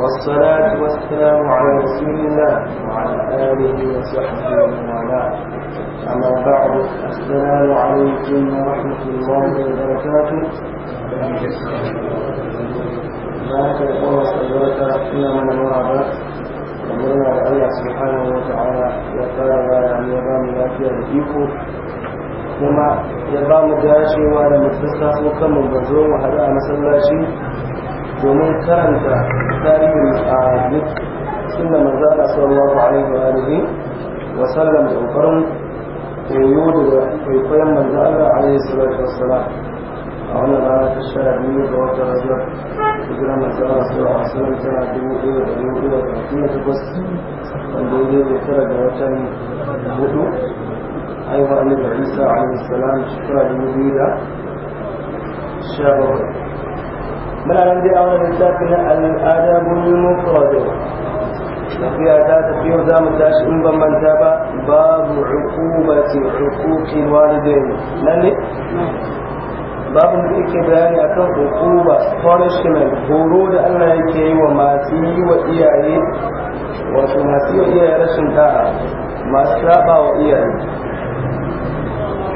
والصلاة والسلام على رسول الله وعلى آله وصحبه ومن والاه أما بعد السلام عليكم ورحمة الله وبركاته ما تقول صدرك إلا من مرابة ومرنا الله سبحانه وتعالى وقال أن يبام لا فيها kuma ya ba mu dacewa da mu sassafo kanmu ba zo mu haɗu domin karanta tarihin a duk sunna manzo Allah sallallahu alaihi wa alihi wa sallam da kokarin koyo da kwaikwayon manzo Allah alaihi salatu wassalam a wannan rana ta sha biyu ga watan Rajab hijiran manzo Allah sallallahu alaihi wa sallam tana dubu ɗaya da dubu ɗaya da talatin da takwas wanda ya daidai tara ga watan hudu haihuwar Annabi Isa alaihi salam shekara dubu biyu da sha bakwai من nan dai a wani littafi na al'adabul mufrad في آتات في وزام الداش إن بمن تابع باب عقوبة حقوق الوالدين لأني باب الذي بيان أكون عقوبة punishment هرود أن يكي وماتي وإياي وماسي وإياي رشن تاعة ما سابع وإياي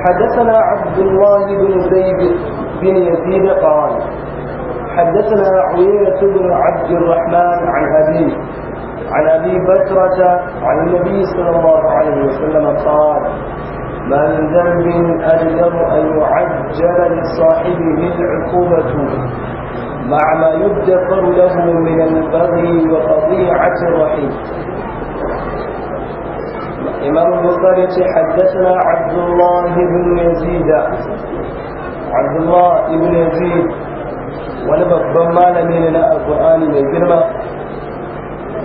حدثنا عبد الله بن زيد بن يزيد قال حدثنا عويلة بن عبد الرحمن عن أبي عن أبي بكرة عن النبي صلى الله عليه وسلم قال من ذنب أجدر أن يعجل لصاحبه العقوبة مع ما يدخر له من البغي وقطيعة الرحيم إمام البخاري حدثنا عبد الله بن يزيد عبد الله بن يزيد wani babban malami ne na alkur'ani mai girma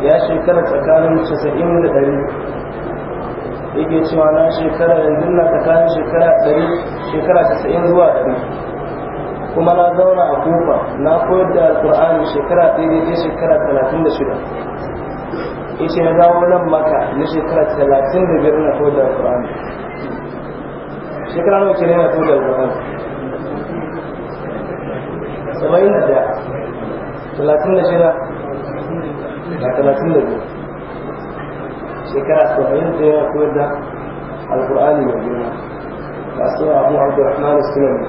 ya shekara tsakanin casa'in da ɗari yake cewa na shekara da na tsakanin shekara ɗari shekara casa'in zuwa ɗari kuma na zauna a kofa na koyar da alkur'ani shekara ɗaya daidai shekara talatin da shida ce na zawo nan maka na shekara talatin da biyar na koyar da alkur'ani shekara nawa ke na koyar da alkur'ani saba'in da daya talatin da shida da biyu shekara saba'in da ya koyar da alkur'ani mai girma ga su abu abdurrahman sulaiman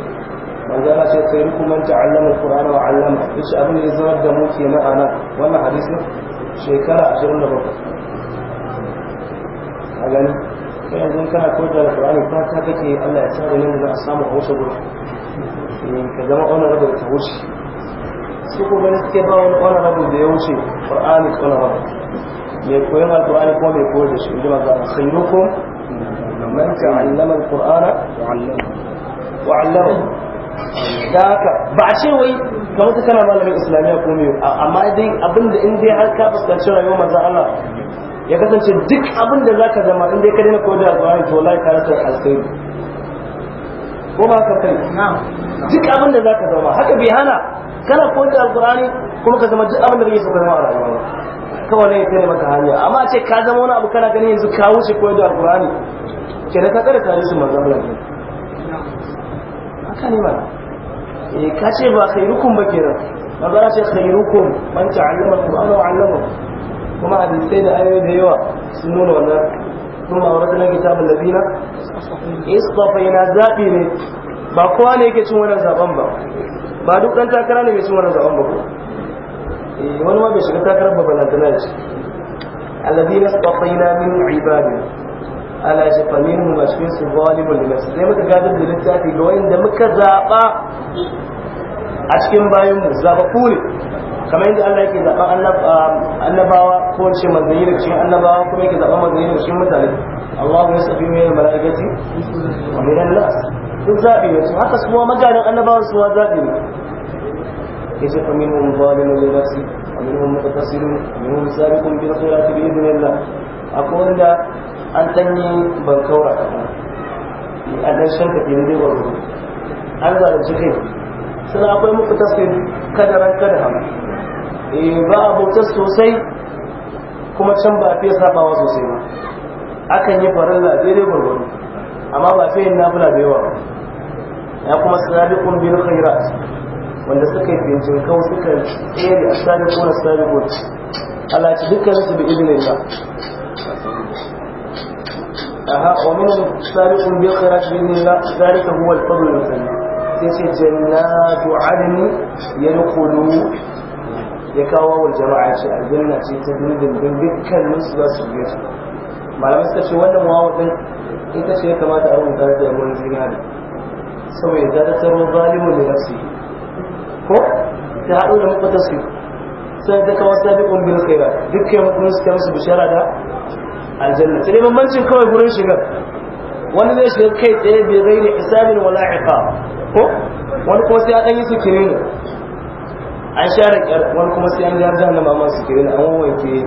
manzo Allah ce sai ku man ta'allama alqur'ana wa 'allama duk abin da ya zama yanzu kana koyar da alqur'ani ta ta kake Allah ya tsare nan da a samu a wasu gurin ka zama honorable ta wuce su ko gani suke ba wani honorable da ya wuce qur'ani honorable mai koyon alqur'ani ko mai koyar da shi inda ba za khairukum man ta'allama alqur'ana wa 'allama da haka ba a ce wai kamar ta kana malamin islamiyya ko mai amma dai abinda in dai har ka fuskanci rayuwar manzon Allah ya kasance duk abinda ka zama in dai ka daina koyar da alqur'ani to wallahi ka rasa alkhairi ko ba ka kai duk abin da zaka zama haka bai hana kana koyi alqur'ani kuma ka zama duk abin da kake so ka zama a rayuwa kawai ne kai maka hanya amma a ce ka zama wani abu kana ganin yanzu ka wuce koyi da alqur'ani kenan ka tsare tare su manzo Allah haka ne ba eh ka ce ba khairukum ba kenan manzo Allah ce khairukum man ta'allama al-qur'ana wa 'allama kuma hadisai da ayoyi da yawa sun nuna wannan sun ma'aurata na kitabun labina yana zaɓi ne ba kowa ne yake cin wannan zaɓen ba ba duk ɗan takara ne mai cin wannan zaɓen ba ko eh, wani ma bai shiga takarar babalantana ya ce alladina yana min ibadin ala shi famin mu a cikin su zalimun da nasu sai muka gadar da littafi ga wanda muka zaɓa a cikin bayan mu zaɓa ne kamar yadda Allah yake zaɓa um, annabawa ko ce manzanni daga cikin annabawa kuma yake zaɓa manzanni daga cikin mutane Allah ya sabi mai mala'ikati wa mai an-nas sun zaɓi ne su haka suwa maganin annabawa suwa zaɓi ne Ya ce yace fa minhum zalimun li nafsi wa minhum mutaqassimun wa minhum sabiqun bil da bi idhnillah akwai wanda an a bankaura an dan shanka ke ne ba an zaɓi cikin sannan akwai muku tasirin kadaran kada hamu Eh, ba a bauta sosai kuma can ba a fiye sabawa sosai ba akan yi farilla daidai gwargwaro amma ba fiye na fula da yawa ya kuma sadiqun bil khairat wanda suka yi fincin kau suka tsere a sadiqun sadiqun Allah kun alaci dukkan su bi idinillah أها ومن ne بالخيرات بإذن الله ذلك هو الفضل المثنى تسع جنات عدن يدخلون ya kawo wa jama'a ce aljanna ce ta dindindin dukkanin su za su biya su malamai suka ce wannan wawa din ita ce ya kamata a rubuta da ruwan zinari saboda ta tattaro zalimu ne nafsi ko ta haɗu da muku tasiri sai ta kawo sabiƙun bin kaira dukkan mutum suka musu bishara da aljanna sai bambancin kawai gurin shiga. wani zai shiga kai tsaye bai gaira isabin wala iqab ko wani ko sai a ɗan yi su kirin an share wani kuma sai an gyara jahannama amma su kere an wanke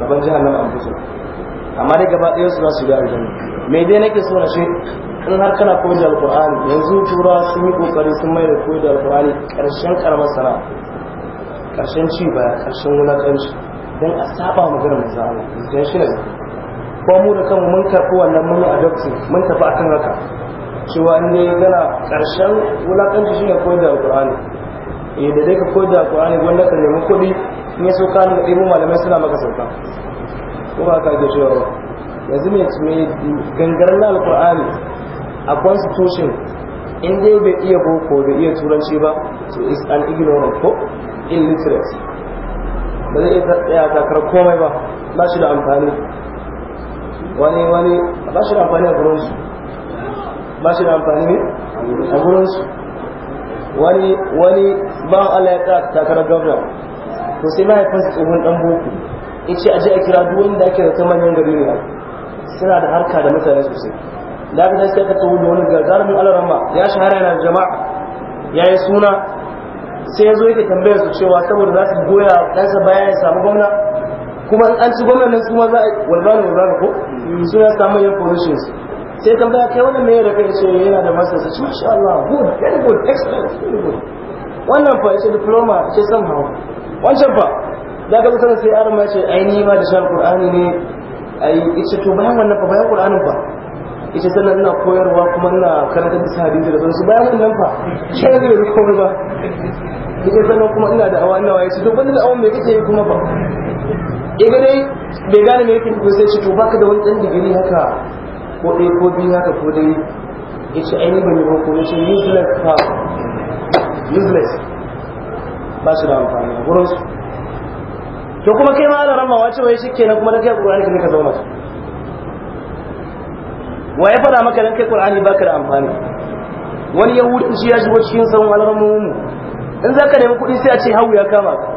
gaban jihar an fito amma dai gaba ɗaya su za su ga aljanna me dai nake so na shi in har kana koyar da Alƙur'ani yanzu tura sun yi kokari sun mai da koyar da Alƙur'ani ƙarshen ƙaramar sana, ƙarshen ci baya ƙarshen wulakanci don a saba magana mai zawo don shi ne ko mu da kanmu mun karɓi wannan mun yi mun tafi akan haka cewa ne gana ƙarshen karshen shi ne koyar da Alƙur'ani. yadda da dai ka koda Qur'ani gwanda ka nemi kuɗi in ya sauka da ɗebo malamai suna maka sauka ko ba ka ga ba. yanzu ne mai gangarar na qurani a constitution in dai bai iya boko bai iya turanci ba so is an ignorant ko illiterate ba zai iya tsaya takarar komai ba ba shi da amfani wani wani ba shi da amfani a gurinsu ba shi da amfani ne a gurinsu wani wani ban Allah ya tsaya takarar gwamna to sai mahaifinsa tsohon dan boko ya ce aje a kira duk wanda ake da ta manyan gari ne suna da harka da mutane sosai da aka sai ka tawo gazar wani Allah rahma ya shahara yana jama'a ya yi suna sai ya zo yake tambaya su cewa saboda za su goya ɗansa baya ya samu gwamna kuma an ci gwamnan su ma za a walbani walbani ko suna samun yan positions sai tambaya kai wannan mai da kai ce yana da masters sai insha Allah good very good excellent very good wannan fa ce diploma ce san hawa wancan fa da ga sanar sai yaron ma ce ai ni ma da shan qur'ani ne ai ita to bayan wannan fa bayan qur'anin fa yace sannan ina koyarwa kuma ina karanta da hadisi da su bayan wannan fa sai da komai ba yace sannan kuma ina da awa ina waye to wannan da awan me kake yi kuma fa ya dai bai gane me yake ko sai ce to baka da wani dan digiri haka ko ɗaya ko biyu haka ko dai ya ce ainihin ban yi ba ko ya ce useless power useless ba su da amfani a gurinsu to kuma kai ma ana rama wace ya shi kenan kuma da kai ƙur'ani ka ne ka zauna wa ya faɗa maka dan kai ƙur'ani baka da amfani wani ya wuce shi ya shigo cikin sauran al'ummomin in za ka nemi kuɗi sai a ce hau ya kama ka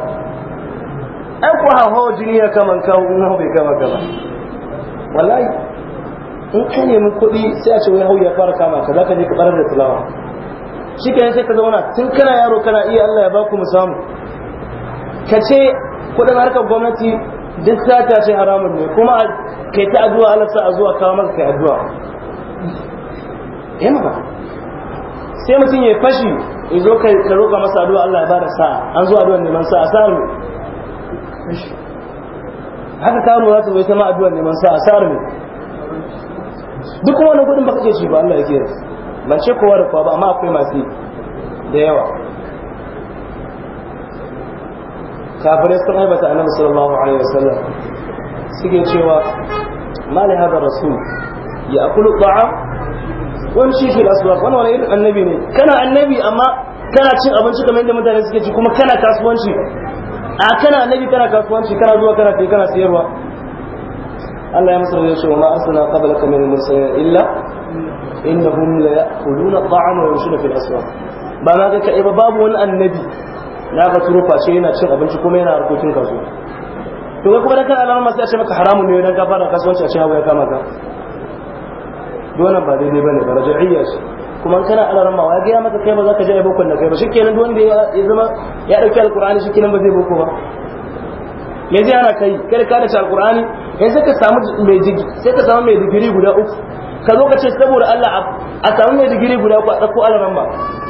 ai ko hawa jini ya kama kawo in hau bai kama ka ba wallahi in ka nemi kuɗi sai a ce wai ya fara kama ka zaka je ka barar da tilawa shikenan sai ka zauna tun kana yaro kana iya Allah ya baku mu samu ka ce kuɗin harkar gwamnati duk sata ce haramun ne kuma kai ta addu'a Allah sa a zuwa kawo maka kai addu'a yana ba sai mutum ya fashi ya zo ka roƙa masa addu'a Allah ya bada sa'a an zo addu'a neman sa'a sa'a ne haka karo za ta zo ita ma addu'a neman sa'a sa'a ne duk kuma wannan kudin baka ce shi ba Allah yake ban ce kowa da kowa ba amma akwai masu da yawa kafirai sun haibata annabi sallallahu alaihi wasallam suke cewa mali hada rasul ya akulu ta'a wani shi fil aswaq wani wani irin annabi ne kana annabi amma kana cin abinci kamar yadda mutane suke ci kuma kana kasuwanci a kana annabi kana kasuwanci kana zuwa kana sai kana sayarwa Allah ya masa wajen cewa ma illa la fil ba na ga kai ba babu wani annabi a ga turo ce yana cin abinci kuma yana harkokin kasuwa to kai kuma da kan alamar masu ce maka haramun ne dan gaba kasuwanci a cikin ya kama ka dole ba daidai bane ba raja'iyya ce kuma kana alarma wa ga ya maka kai ba za ka je boko da kai ba shikenan duk wanda ya zama ya dauki alqur'ani shikenan ba zai boko ba me zai ana kai kada ka da alkur'ani kai sai ka samu mai jigi sai ka samu mai digiri guda uku ka zo ka ce saboda Allah a samu mai digiri guda uku a tsakko alaman ba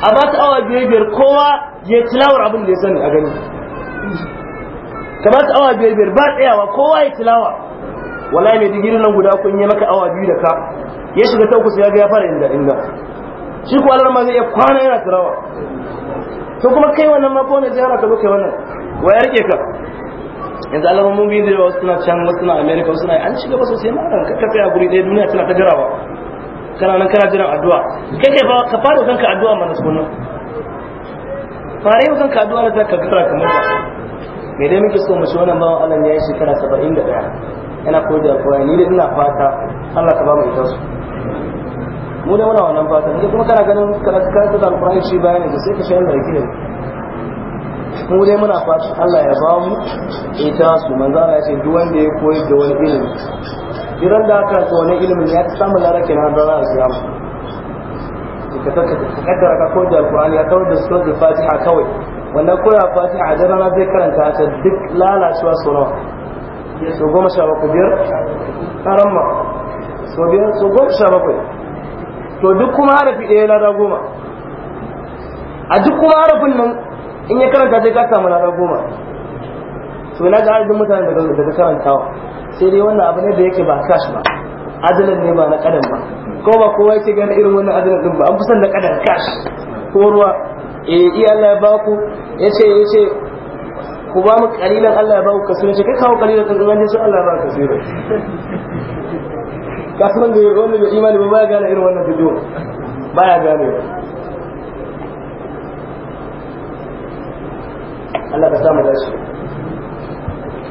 a ba ta awa biyar biyar kowa ya tilawar abin da ya sani a gani ka ba ta awa biyar biyar ba tsayawa kowa ya tilawa wallahi mai digiri nan guda in yi maka awa biyu da ka ya shiga ta uku sai ya ga ya fara inda inda shi ko alaman ma zai iya kwana yana tilawa to kuma kai wannan ma ko ne zai hana ka zo kai wannan wa ya rike ka yanzu alamomi da yawa suna can wasu na Amerika wasu na an ci gaba sosai ma ran ka a guri ɗaya duniya tana ta jarawa. kana nan kana jiran addu'a kai kai ba ka fara kanka addu'a mana sunan fara yau kanka addu'a na zaka kira kamar ba me dai muke so mu ci wannan bawan Allah ya yi shekara 71 yana koyar da alƙur'ani ni da ina fata Allah ka ba mu ita su mu da muna wannan fata ne kuma kana ganin kana ka da alƙur'ani shi bayan da sai ka shayar da rikini mu dai muna fata Allah ya ba mu ita su manzo Allah ya ce duk wanda ya koyi da wani ilimi idan da aka so wani ilimin ya samu larake na da za a siya mu ka kaddara ka koyi da alqur'ani ya kawar da al fatiha kawai wannan al fatiha da rana zai karanta ta duk lalacewa sau ya so goma sha bakwai biyar karamma sau biyar so goma sha bakwai to duk kuma harafi ɗaya da goma a duk kuma harafin nan in ya karanta sai ka samu na goma so na ga adadin mutane daga karantawa sai dai wannan abu ne da yake ba kash ba adalan ne ba na kadan ba ko ba kowa yake gane irin wannan adalan din ba an kusan da kadan kash ko ruwa eh iya Allah ya baku yace yace ku ba mu kalilan Allah ya baku kasu ce kai kawo kalilan din ganin sai Allah ya baku kasu ka san da wannan da imani ba ya gane irin wannan bidiyo ya gane Allah ka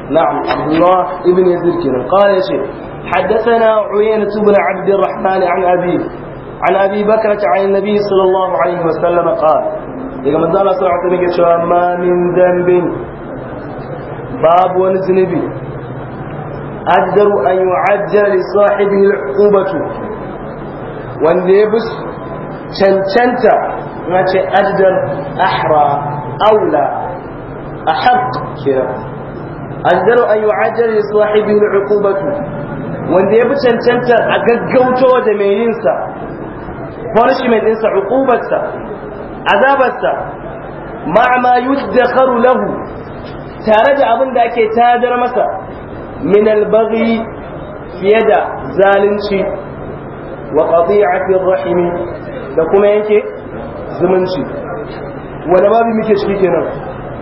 نعم عبد الله ابن يزيد كذا، قال يا شيخ حدثنا عيينة بن عبد الرحمن عن أبيه عن أبي بكرة عن النبي صلى الله عليه وسلم قال إذا من ذال صلى الله عليه وسلم ما من ذنب باب ونزنبي أقدر أن يعجل لصاحبه العقوبة والنبس شنشنت ما أقدر أحرى أولى أحق أنزل أن يعجل لصاحبه العقوبة wanda ya fi cancantar a gaggauto da mai yinsa punishment ɗinsa hukubarsa azabarsa ma'ama yudakharu lahu tare da abun da ake tadar masa min albaghi fiye da zalunci wa qati'atir rahimi da kuma yanke zumunci wani babu muke ciki kenan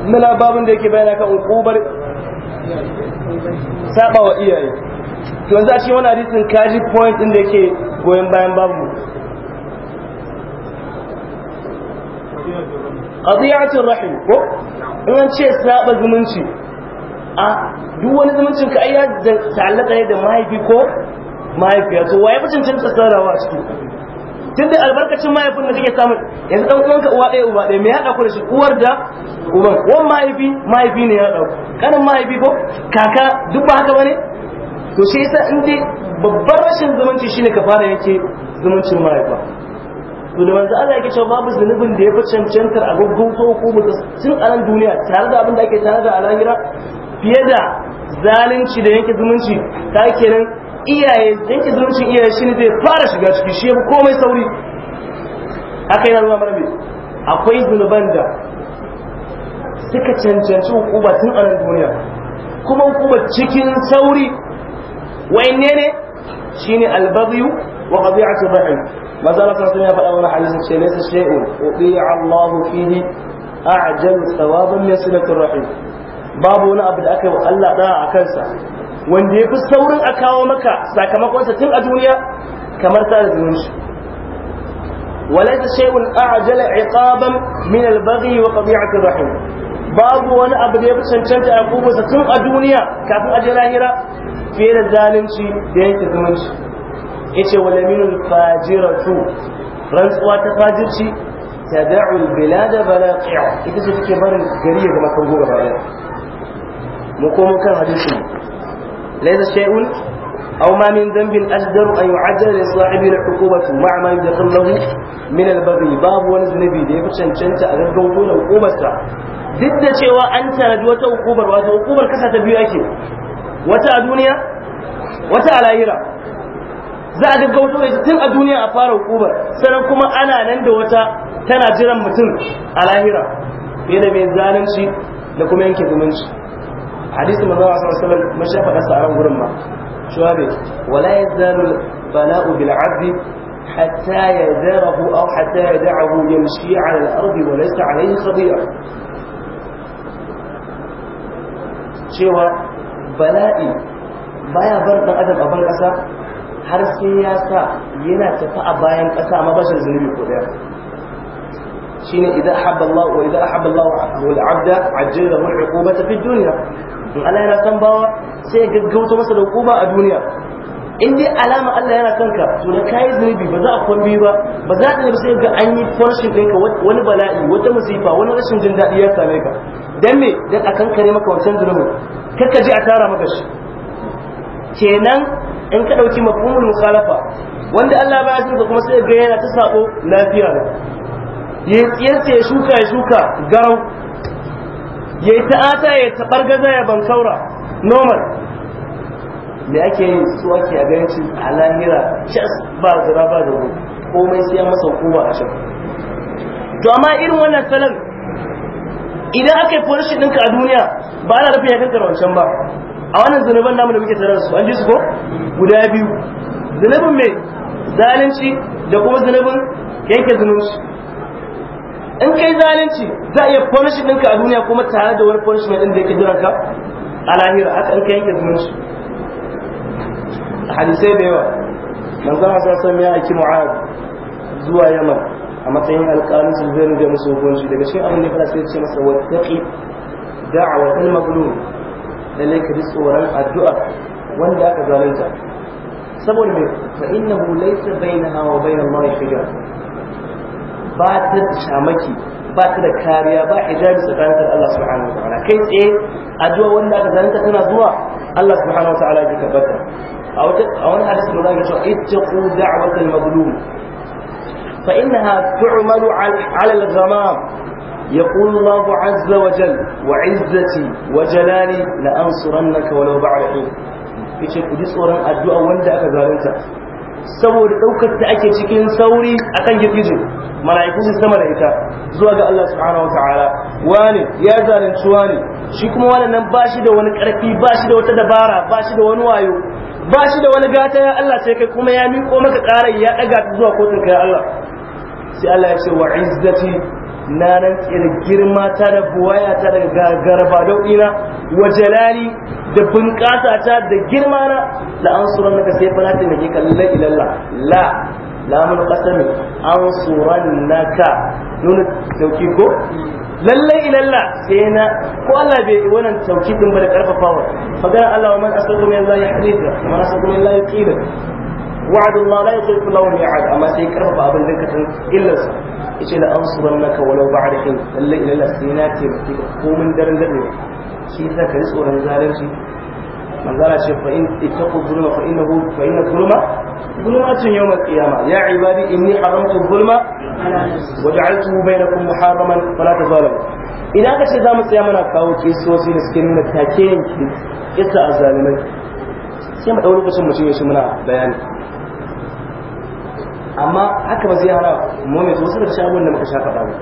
muna babin da yake bayana kan ukubar saba wa iyaye to yanzu a cikin wani hadisin kaji point din da yake goyon bayan babu qadiyatul rahim ko in an ce saba zumunci a duk wani zumuncin ka ayya da ta'allaka ne da mahaifi ko mahaifiya to waye fi cancanta tsarawa a ciki Tun da albarkacin mahaifin da kake samun yanzu dan uwanka uwa ɗaya uba ɗaya me haɗa da shi uwar da uban wani mahaifi mahaifi ne ya haɗa ku mahaifi ko kaka duk ba haka bane to shi yasa in dai babbar rashin zumunci shine ka fara yake zumuncin mahaifa to da manzo Allah yake cewa babu zunubin da ya fi cancantar a gaggauto ko mutum tun a nan duniya tare da abin da ake tare da a fiye da zalunci da yanke zumunci ta kenan iyaye yanke zumuncin iyaye shi ne zai fara shiga ciki shi ya komai sauri haka yana zuwa marabe akwai zunuban da suka cancanci hukuma tun a nan duniya kuma hukuma cikin sauri wayanne ne shine albagyu wa qadi'atu ba'i maza Allah sallallahu ya faɗa wani hadisi ce ne shay'un udi'a Allahu fihi a'jal thawaban min silatir rahim babu wani abu da aka yi wa Allah da a kansa wanda ya fi saurin a kawo maka sakamakonsa tun a duniya kamar ta da zumunci walaita shay'un a'jala iqaban min al-baghi wa qati'ati rahim babu wani abu da ya fi cancanta a kubusa tun a duniya kafin a je lahira fiye da zalunci da yanke zumunci yace walaminul fajiratu rantsuwa ta fajirci tad'u al-bilada balaqi'a ita ce take barin gari ya zama kan goga mu komo kan hadisin laysa shay'un aw ma min dhanbin ajdaru an yu'ajjala li sahibi al-uqubatu ma'a ma yudkhal lahu min al babu wani zunubi da yafi cancanta a gaggauto da hukumarsa duk da cewa an tanadi wata hukumar wata hukumar kasa ta biyu ake wata a duniya wata a lahira za a gaggauto da tun a duniya a fara hukumar sannan kuma ana nan da wata tana jiran mutum a lahira fiye da mai zalunci da kuma yanke zumunci حديث من الله صلى الله عليه وسلم ما شاف غسى عرام غرمة شو هذي ولا يزال البلاء بالعبد حتى يزاره أو حتى يدعه يمشي على الأرض وليس عليه خضيع شو بلائي بايا برد أدب أبن أسا حرسي ياسا ينا تفاء بايا أسا ما بشر زنبي كوريا شين إذا أحب الله وإذا أحب الله العبد عجل له العقوبة في الدنيا in Allah yana son bawa sai ya gaggauta masa da hukuma a duniya in dai alama Allah yana kan ka to da kayi zunubi ba za a kwan biyu ba ba za yi sai ga an yi farshin ɗinka wani bala'i wata musifa wani rashin jin daɗi ya same ka dan me dan a kankare maka wancan zunubi kakka ji a tara maka shi kenan in ka ɗauki mafhumul musalafa wanda Allah baya son ka kuma sai ga yana ta sako lafiya ne ya shuka ya shuka garau ya yi ta'ata ya taɓar gaza ya saura normal me ake yi su ake a ganci a lahira cas ba zira ba da komai sai ya masa hukuma a can to amma irin wannan salon idan aka yi polishi ɗinka a duniya ba ana rufe ya kankar wancan ba a wannan zunuban namu da muke tare su an ji su ko guda biyu zunubin mai zalunci da kuma zunubin yanke zunubin in kai zalunci za a iya punishment ɗinka a duniya kuma tare da wani punishment ɗin da yake jiran ka a lahira haka in kai yanke zumunci hadisai da yawa manzon hasan sun ya aiki mu'ad zuwa yaman a matsayin alƙalin su zai rubuta musu hukunci daga cikin abin da ya sai ce masa wattaqi da'watul mazlum lalle ka ji tsoron addu'a wanda aka zalunta saboda me fa innahu laysa bainaha wa bainal mawt hijab ba ta da shamaki ba ta da kariya ba hijabi tsakanin da Allah subhanahu wa ta'ala kai tsaye addu'a wanda aka zanta tana zuwa Allah subhanahu wa ta'ala ya tabbata a wani hadisi mun ga cewa ittaqu da'watal mazlum fa innaha tu'malu 'ala al-ghamam يقول الله عز وجل وعزتي وجلالي لأنصرنك ولو بعد حين yace ku ji tsoron addu'a wanda aka zalunta saboda daukar ta ake cikin sauri akan girgije mala'iku su sama da ita zuwa ga Allah subhanahu wataala wani ya zalunci wani shi kuma wani ba shi da wani karfi bashi da wata dabara ba shi da wani wayo ba da wani gata ya Allah sai kai kuma ya miƙo maka ƙarar ya ɗaga zuwa kotun kai Allah sai Allah ya ce wa izzati na nan da girma ta da buwaya ta daga gagaraba dauɗina wa jalali da bunƙasa ta da girma na la an suran naka sai fara ta nake kallon ilallah la la mun qasami an suran naka nuna sauki ko lallai ilalla sai na ko Allah bai wannan tauki din ba da karfafawa magana Allah wa man asabu min la yahdika wa man asabu min la yuqida وعد الله لا يخلف الله الميعاد اما سي كرفا ابن دنك تن الا yace la ansurannaka walau ba'da hin lalle ila la sina ce miki ko mun daren dade shi yasa kai tsoron zalunci manzara ce fa in ittaqu zulma fa innahu fa inna zulma ظلمات يوم القيامة يا عبادي إني حرمت الظلم وجعلته بينكم محرما فلا تظالموا إذا كشي زام القيامة نكاو كيسوسي نسكنين التاكين كيسا الظالمين sai mu ɗau lokacin mutum ya shi muna bayani amma haka ba zai hana mummai wasu daga shagon da muka sha faɗa ba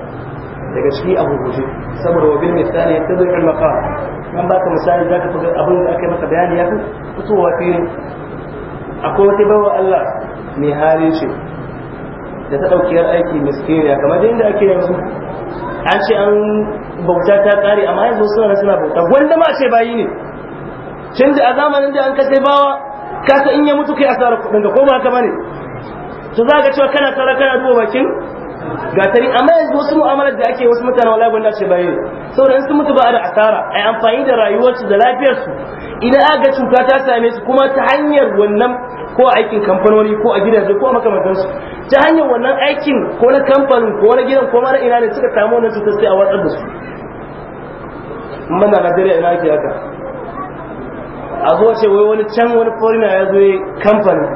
daga ciki a hukuce saboda wa bil misali ya tazo ilma ka nan baka misali za ka fi abin da aka yi maka bayani ya fi fitowa fili akwai wata bawa Allah mai hali ce da ta ɗaukiyar aiki miskiniya kamar da inda ake yanzu an ce an bauta ta ƙare amma yanzu suna suna bauta wanda ma ce bayi ne can da a zamanin da an kasai bawa kasa in ya mutu kai asarar kudin ga ko ba haka bane to za ka cewa kana tsara kana duba bakin gatari amma yanzu wasu mu'amalar da ake wasu mutane wallahi gwanda ce baye saboda in sun mutu ba a da asara ai amfani da rayuwarsu da lafiyarsu idan aka ga cuta ta same su kuma ta hanyar wannan ko aikin kamfanoni ko a gidaje ko a makamantansu ta hanyar wannan aikin ko na kamfanin ko na gidan ko mara ina ne suka samu wannan cutar sai a watsar da su mana Najeriya ina ake haka a zo ce wai wani can wani forina ya zo kamfanin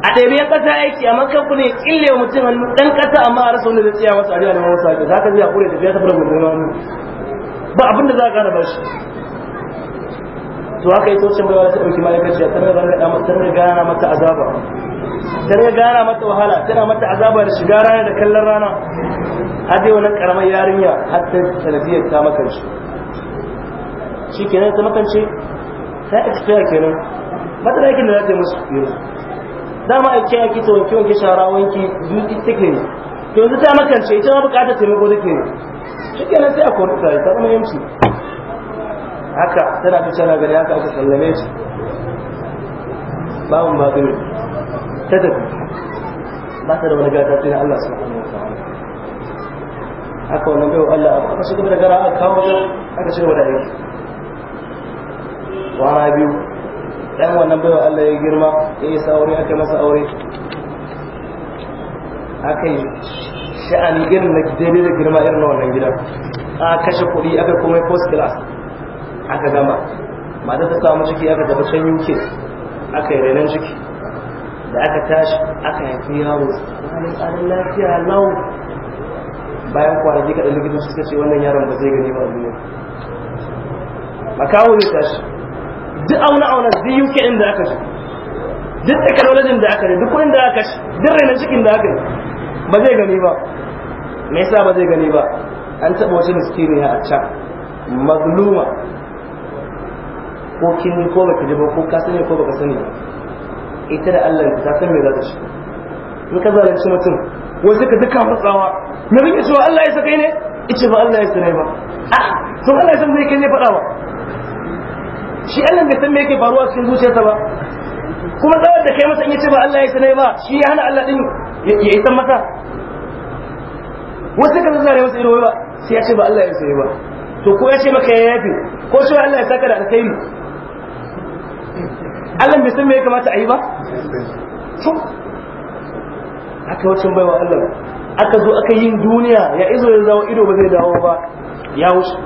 a ɗabi yan ƙasa aiki amma kamfanin ya ƙille wa mutum hannu ɗan ƙasa amma a rasa wani zai tsaya masa ajiya da wasu ajiya za ka zai da tafiya ta fara mutum hannu ba abinda za ka ba shi to haka yi tocin baiwa ta ɗauki ma'aikaci a tana gana mata tana gana mata azaba tana gana mata wahala tana mata azaba da shiga rana da kallon rana har dai wannan ƙaramar yarinya har ta sanadiyar ta makance shi kenan ta makance ta expire kenan mata da yakin da za ta yi musu yanzu dama a kiyaye ki wanke wanke shara wanki dutse take ne to yanzu ta makance ita ma bukata taimako take ne shi kenan sai a kwamfuta ta zama yamci haka tana fi tana gani haka aka sallame shi babun ba ta tafi ba ta da wani gata sai na Allah subhanahu wa ta'ala haka wannan bai wa Allah aka shiga da gara aka kawo aka shiga da yake kwana biyu ɗan wannan baiwa Allah ya girma ya yi aure aka masa aure aka yi sha'ani irin na daidai da girma irin na wannan gidan a kashe kuɗi aka kuma first class aka gama mata ta samu ciki aka tafi can UK aka yi renon ciki da aka tashi aka haifi yaro tsanin tsarin lafiya lau bayan kwanaki kaɗan likitan suka ce wannan yaron ba zai gani ba a duniya makawo ne tashi duk auna auna duk yi din da aka shi duk wajen da aka yi duk kudin da aka shi, duk na cikin da aka yi ba zai gani ba me yasa ba zai gani ba an taɓa wata miskiniya a can magluma ko kini ko baka ji ba ko ka sani ko baka sani ita da Allah ta san me za ta in ka zalunci mutum wai suka duka matsawa me kake cewa Allah ya saka ne ice ba Allah ya sani ba a ah, to Allah ya san zai kai ne faɗa ba shi Allah bai san me yake faruwa cikin zuciyarsa ba kuma tsawar da kai masa in yace ba Allah ya sanai ba shi ya hana Allah din ya yi san masa wasu kan zare masa irin ba sai ya ce ba Allah ya sanai ba to ko ya ce maka ya yafi ko shi Allah ya saka da alkhairi Allah bai san me ya kamata a yi ba to aka wacin baiwa Allah aka zo aka yin duniya ya izo ya zawo ido ba zai dawo ba ya wuce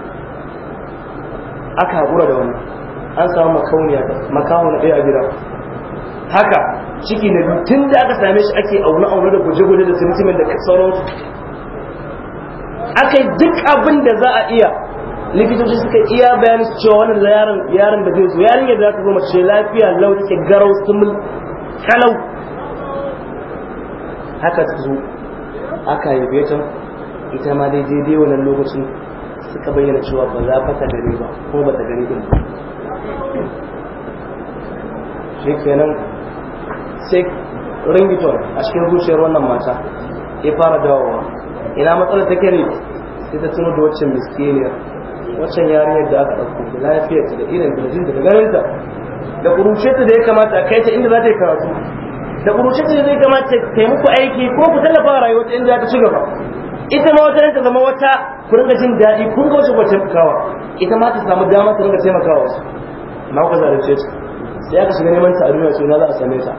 aka haƙura da wani. an samu makauniya makaho na ɗaya a gida haka ciki na biyu tun da aka same shi ake auna auna da guje-guje da sentiment da su, aka yi duk abin da za a iya likitoci suka iya bayan su cewa wannan yaron yaron da zai zo yadda za ta zo mace lafiya lau take garau sumul kalau haka su zo aka yi beta ita ma dai daidai wannan lokacin suka bayyana cewa ba za fata gare ba kuma ba ta gare din ba shi kenan sai ringiton a cikin zuciyar wannan mata ya fara dawowa ina matsalar take ne sai ta tuno da waccan miskiniyar waccan yarinyar da aka ɗauko da lafiyarta da irin da ta da ganinta da kuruciyarta da ya kamata a kai ta inda za ta yi karatu da kuruciyarta da zai kamata ta yi muku aiki ko ku tallafa ta inda za ta ci gaba ita ma wata ta zama wata ku ringa jin daɗi kun ga wacce ku taimakawa ita ma ta samu dama ta ringa taimakawa wasu na ta sai aka shiga neman ta a duniya suna za a same ta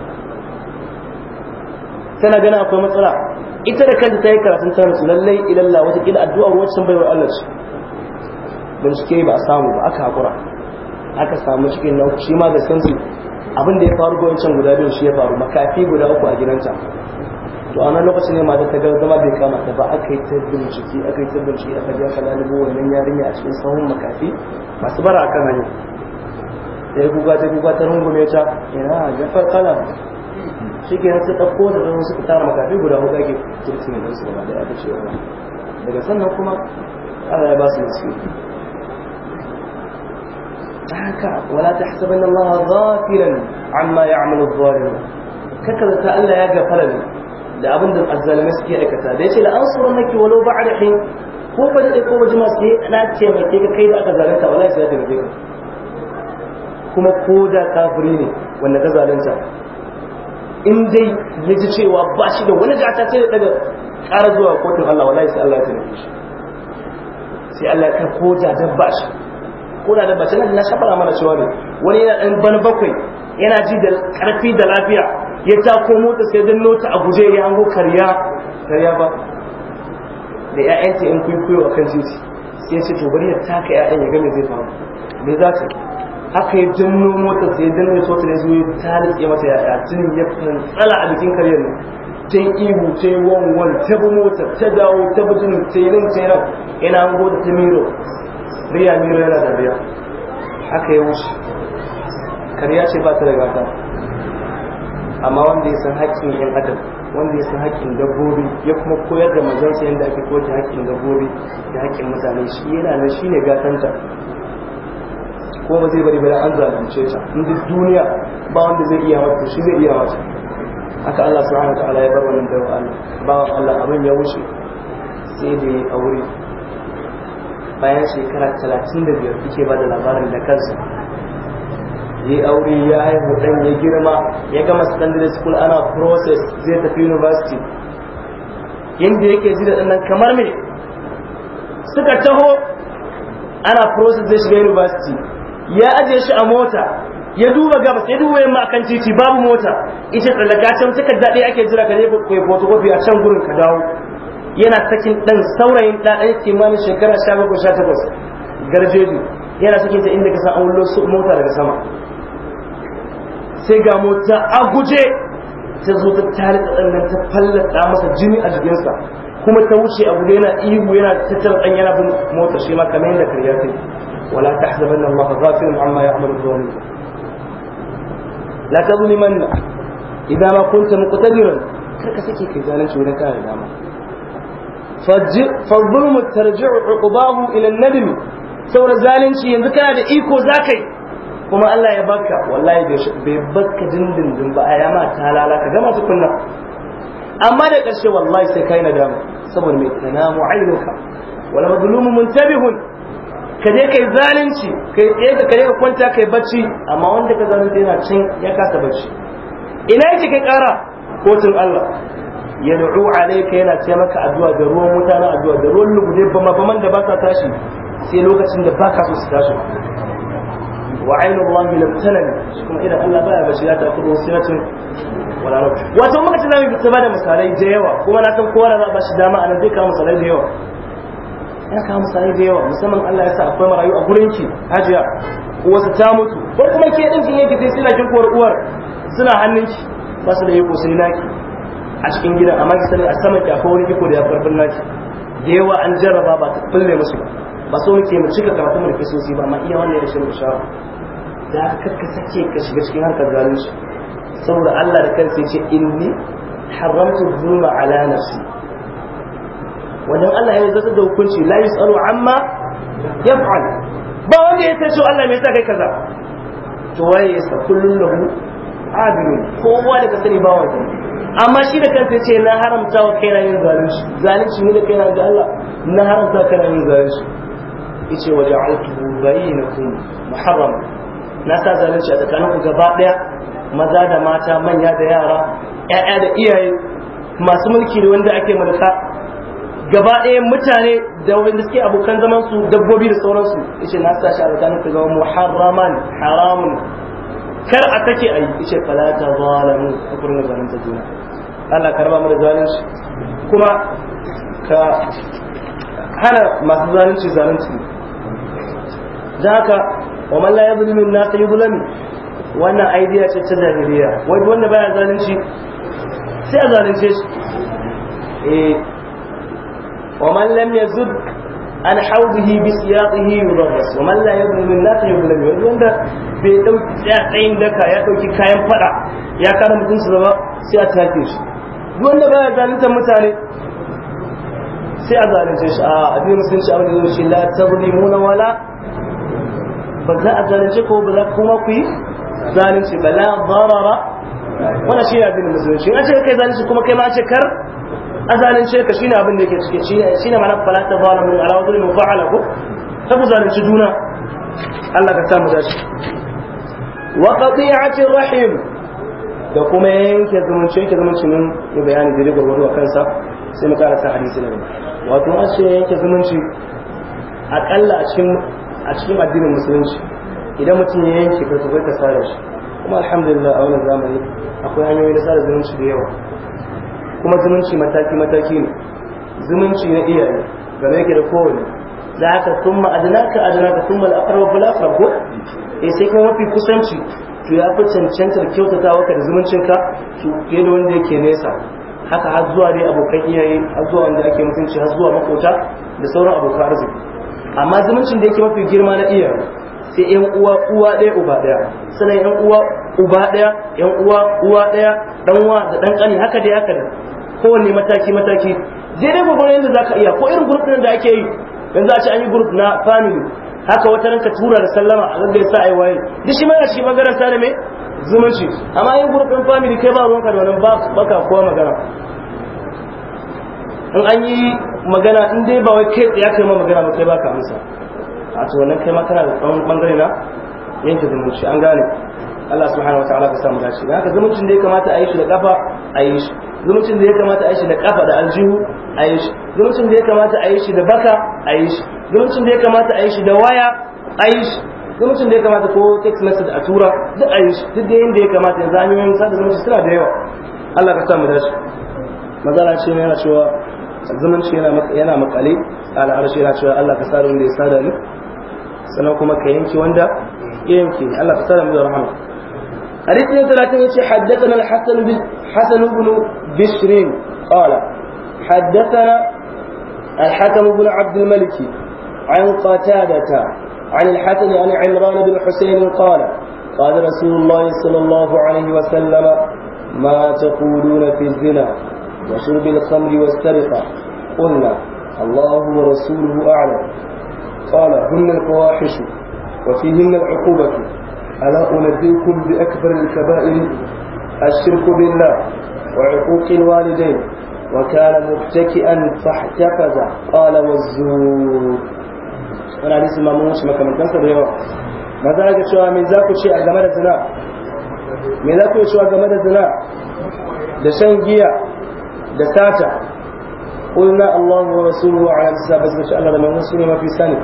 tana gana akwai matsala ita da kanta ta yi karatun ta rasu lallai ilalla watakila addu'ar wacce baiwar Allah ce bincike ba a samu ba aka haƙura aka samu cikin nan shi ma da sansu abin da ya faru ga wancan guda biyu shi ya faru makafi guda uku a gidanta to a nan lokacin ne mata ta ga zama bai kama ta ba aka yi ta bincike aka yi ta bincike aka ji aka lalubo wannan yarinya a cikin sahun makafi masu bara a kan hanyar. ya guga ta guga ta rungume ta ina jafar kalam shi ke ta ɗauko da don suka tara makafi guda hudu ake turtune don su gaba da ya ce wannan daga sannan kuma Allah ya ba su nasu ta haka wala ta hasabanna Allah ghafilan amma ya'malu adh-dhalimun kaka da ta Allah ya gafara ne da abin da azzalimai suke aikata da ya yace la ansurannaki walau ba'da hin ko ba da ko ba jima suke na ce ka kai da aka zalunta wallahi sai ta gaje ka kuma ko da kafiri ne wanda ka zalunta in dai ya ji cewa ba shi da wani gata sai daga ƙara zuwa kotun Allah wallahi sai Allah ya taimake shi sai Allah ya ko da dabba shi ko da dabba tana na shafara mana cewa ne wani yana dan ban bakwai yana ji da karfi da lafiya ya ta ko mota sai dan nota a guje ya hango karya karya ba da ƴaƴanta in a kan titi sai ya ce to bari ya taka ƴaƴan ya ga me zai faru me za ta aka yi janno mota sai dan ne sota ne zuwa ta ya mata yaya tun ya tsala a jikin karyar ne ta ihu ta yi wanwan ta bi mota ta dawo ta bi jini ta yi nan ta yi nan yana an gode ta miro riya miro yana da riya aka yi wuce karya ce ba ta da gata amma wanda ya san haƙƙin yan adam wanda ya san haƙƙin dabbobi ya kuma koyar da mazansa yadda ake koyar da haƙƙin dabbobi da haƙƙin mutane shi yana nan shi ne gatanta ko ba zai bari bari an zalunce ta in duk duniya ba wanda zai iya mata shi zai iya mata haka Allah subhanahu ta'ala ya bar wannan dawa Allah ba Allah abin ya wuce sai da ya aure bayan shekara 35 kike ba da labarin da kansa ya aure ya haihu dan ya girma ya gama secondary school ana process zai tafi university yanda yake ji da nan kamar me suka taho ana process zai shiga university ya aje shi a mota ya duba gabas ya duba yamma akan titi babu mota ita tsallaka can suka ake jira ka je kai photocopy a can gurin ka dawo yana sakin ɗan saurayin da kimanin shekara 17-18 garjeji yana sakin ta inda ka san an su mota daga sama sai ga mota a guje ta zo ta tare da nan ta fallata masa jini a jikinsa kuma ta wuce a guje yana ihu yana tattara ɗan yana bin mota shi ma kamar yadda karya ta ولا تحسبن الله غافل عما يعمل الظالمون لا تظلمن إذا ما كنت مقتدرا كركسكي كيزانا شو لك داما فالظلم ترجع عقباه إلى الندم saboda zalunci yanzu kana da iko za ka yi kuma Allah ya baka wallahi bai baka dindindin ba a yama ta lalaka gama tukunna amma da ƙarshe wallahi sai kai nadama saboda mai tanamu wala mazlumun muntabihun ka je kai zalunci kai tsaye ka ka kwanta kai bacci amma wanda ka zalunci yana cin ya kasa bacci ina yake kai kara kotun Allah ya du'u alayka yana ce maka addu'a da ruwan wuta na addu'a da ruwan lugude bama baman da ba sa tashi sai lokacin da baka so su tashi wa ainu Allah lam tanan kuma idan Allah ya bashi ya ta kudu sinatin wala rabb wato muka ci zamu fita da misalai da yawa kuma na san kowa za ba shi dama anan zai kawo misalai da yawa ya kawo misali da yawa musamman Allah ya sa akwai marayu a gurin ki hajiya wasu ta mutu ko kuma ke din kin yake sai suna kin uwar suna hannun ki ba su da yiko sai naki a cikin gidan amma ki sani a saman ki akwai wani kiko da ya farfin naki da yawa an jarraba ba ta kulle musu ba so muke mu cika karatu mu da sosai ba amma iya wannan ya shirin sha da kakka sake ka shiga cikin harkar zalunci saboda Allah da kansa ya ce inni haramtu dhulma ala nafsi wannan Allah ya zartar da hukunci la yusalu amma ya fa'al ba wanda ya tace Allah mai yasa kai kaza to waye yasa kullun lahu abirun kowa da ka sani ba wanda amma shi da kansa ce na haramta wa kaina yin zalunci zalunci ne da kaina ga Allah na haramta na yin zalunci yace wa ja'altu bainakum muharram na sa zalunci a tsakaninku gaba daya maza da mata manya da yara ƴaƴa da iyaye masu mulki da wanda ake mulka gaba ɗaya mutane da wanda suke abokan zaman su dabbobi da sauransu yace na sa shi a tsakanin ku zama muharraman haramun kar a take ayi yace fala ta zalamu a kurin zalunta juna Allah karba mu da zalunci kuma ka hana masu zalunci zalunci da haka wa man la yuzlimu an-nasa yuzlamu wannan aidiya ce ta jahiliya wai wanda baya zalunci sai a zalunce shi eh ومن لم يزد عن حوضه بسياقه يضرس ومن لا يبن من نافه يبن من يبن ده بيتوك تاقين دكا يتوك كاين فرع يا كان مدن سبب سياتي هاتيش دون ده بقى جانتا مثالي سياتي هاتيش آه أبي مسلمش أول يوش لا تظلمون ولا بزاء جانتك وبزاء كومكي جانتك بلا ضرر ولا شيء أبي مسلمش أشياء كي جانتك كومكي ما شكر azalunce ka shine abin da yake cike shine mana fala ta min ala zulmi fa'ala ko ta ku zalunci juna Allah ka samu dace wa qati'ati rahim da kuma yanke zumunci yanke zumunci mun ya bayani da rigor wadu kansa sai mu karasa hadisi ne wato an ce yanke zumunci akalla a cikin a cikin addinin musulunci idan mutum ya yanke ka kai ka sare shi kuma alhamdulillah a wani zamani akwai hanyoyi na sada zumunci da yawa kuma zumunci mataki mataki ne zumunci na iyaye game yake da kowane da haka sun ma'adinaka adinaka tumma al'afarwa bulafar farko e eh, sai kuma mafi kusanci to ya fi cancantar kyautatawa ka da zumuncinka to ke da wanda yake nesa haka har zuwa ne abokan iyaye har zuwa wanda ake mutunci har zuwa makota da sauran abokan arziki amma zumuncin da yake mafi girma na iyaye sai yan uwa uwa ɗaya uba ɗaya sannan yan uwa uba ɗaya yan uwa uwa ɗaya dan wa da dan kani haka dai haka da kowanne mataki mataki daidai gwagwarin yadda zaka iya ko irin group din da ake yi yanzu a ce an yi group na family haka wata ranka tura da sallama a gaggaya sa ai waye duk shi mana shi magana sa da me zumunci amma yin group din family kai ba ruwanka da wannan ba baka kowa magana in an yi magana in dai ba wai kai ya kai ma magana ba kai baka amsa a to wannan kai ma kana da tsawon bangare na yanke zumunci an gane Allah subhanahu wataala ka samu dace haka zumuncin da ya kamata a yi shi da kafa a yi shi zumuncin da ya kamata a yi shi da kafa da aljihu a yi shi zumuncin da ya kamata a yi shi da baka a yi shi zumuncin da ya kamata a yi shi da waya a yi shi zumuncin da ya kamata ko text message a tura duk a yi shi duk da yanda ya kamata yanzu hanyoyin sada zumunci suna da yawa Allah ka samu dace magana ce mai yana cewa zumunci yana makale al'arshi yana cewa Allah ka sa da wanda ya sada ni sannan kuma ka yanke wanda ya yanke Allah ka sada mu da rahama حديث 30 حدثنا الحسن بن حسن بن بشر قال حدثنا الحكم بن عبد الملك عن قتادة عن الحسن عن عمران بن حسين قال قال رسول الله صلى الله عليه وسلم ما تقولون في الزنا وشرب الخمر والسرقة قلنا الله ورسوله أعلم قال هن الفواحش وفيهن العقوبة ألا أنبئكم بأكبر الكبائر الشرك بالله وعقوق الوالدين وكان مبتكئا فاحتفظ قال والزور wani hadisi ma mun wuce makamantansa da yawa ba za ka me za ku ce a game zina me za ku ce a game da zina da shan giya da sata qulna allahu wa rasuluhu ala sabab da Allah da manzon sune mafi sani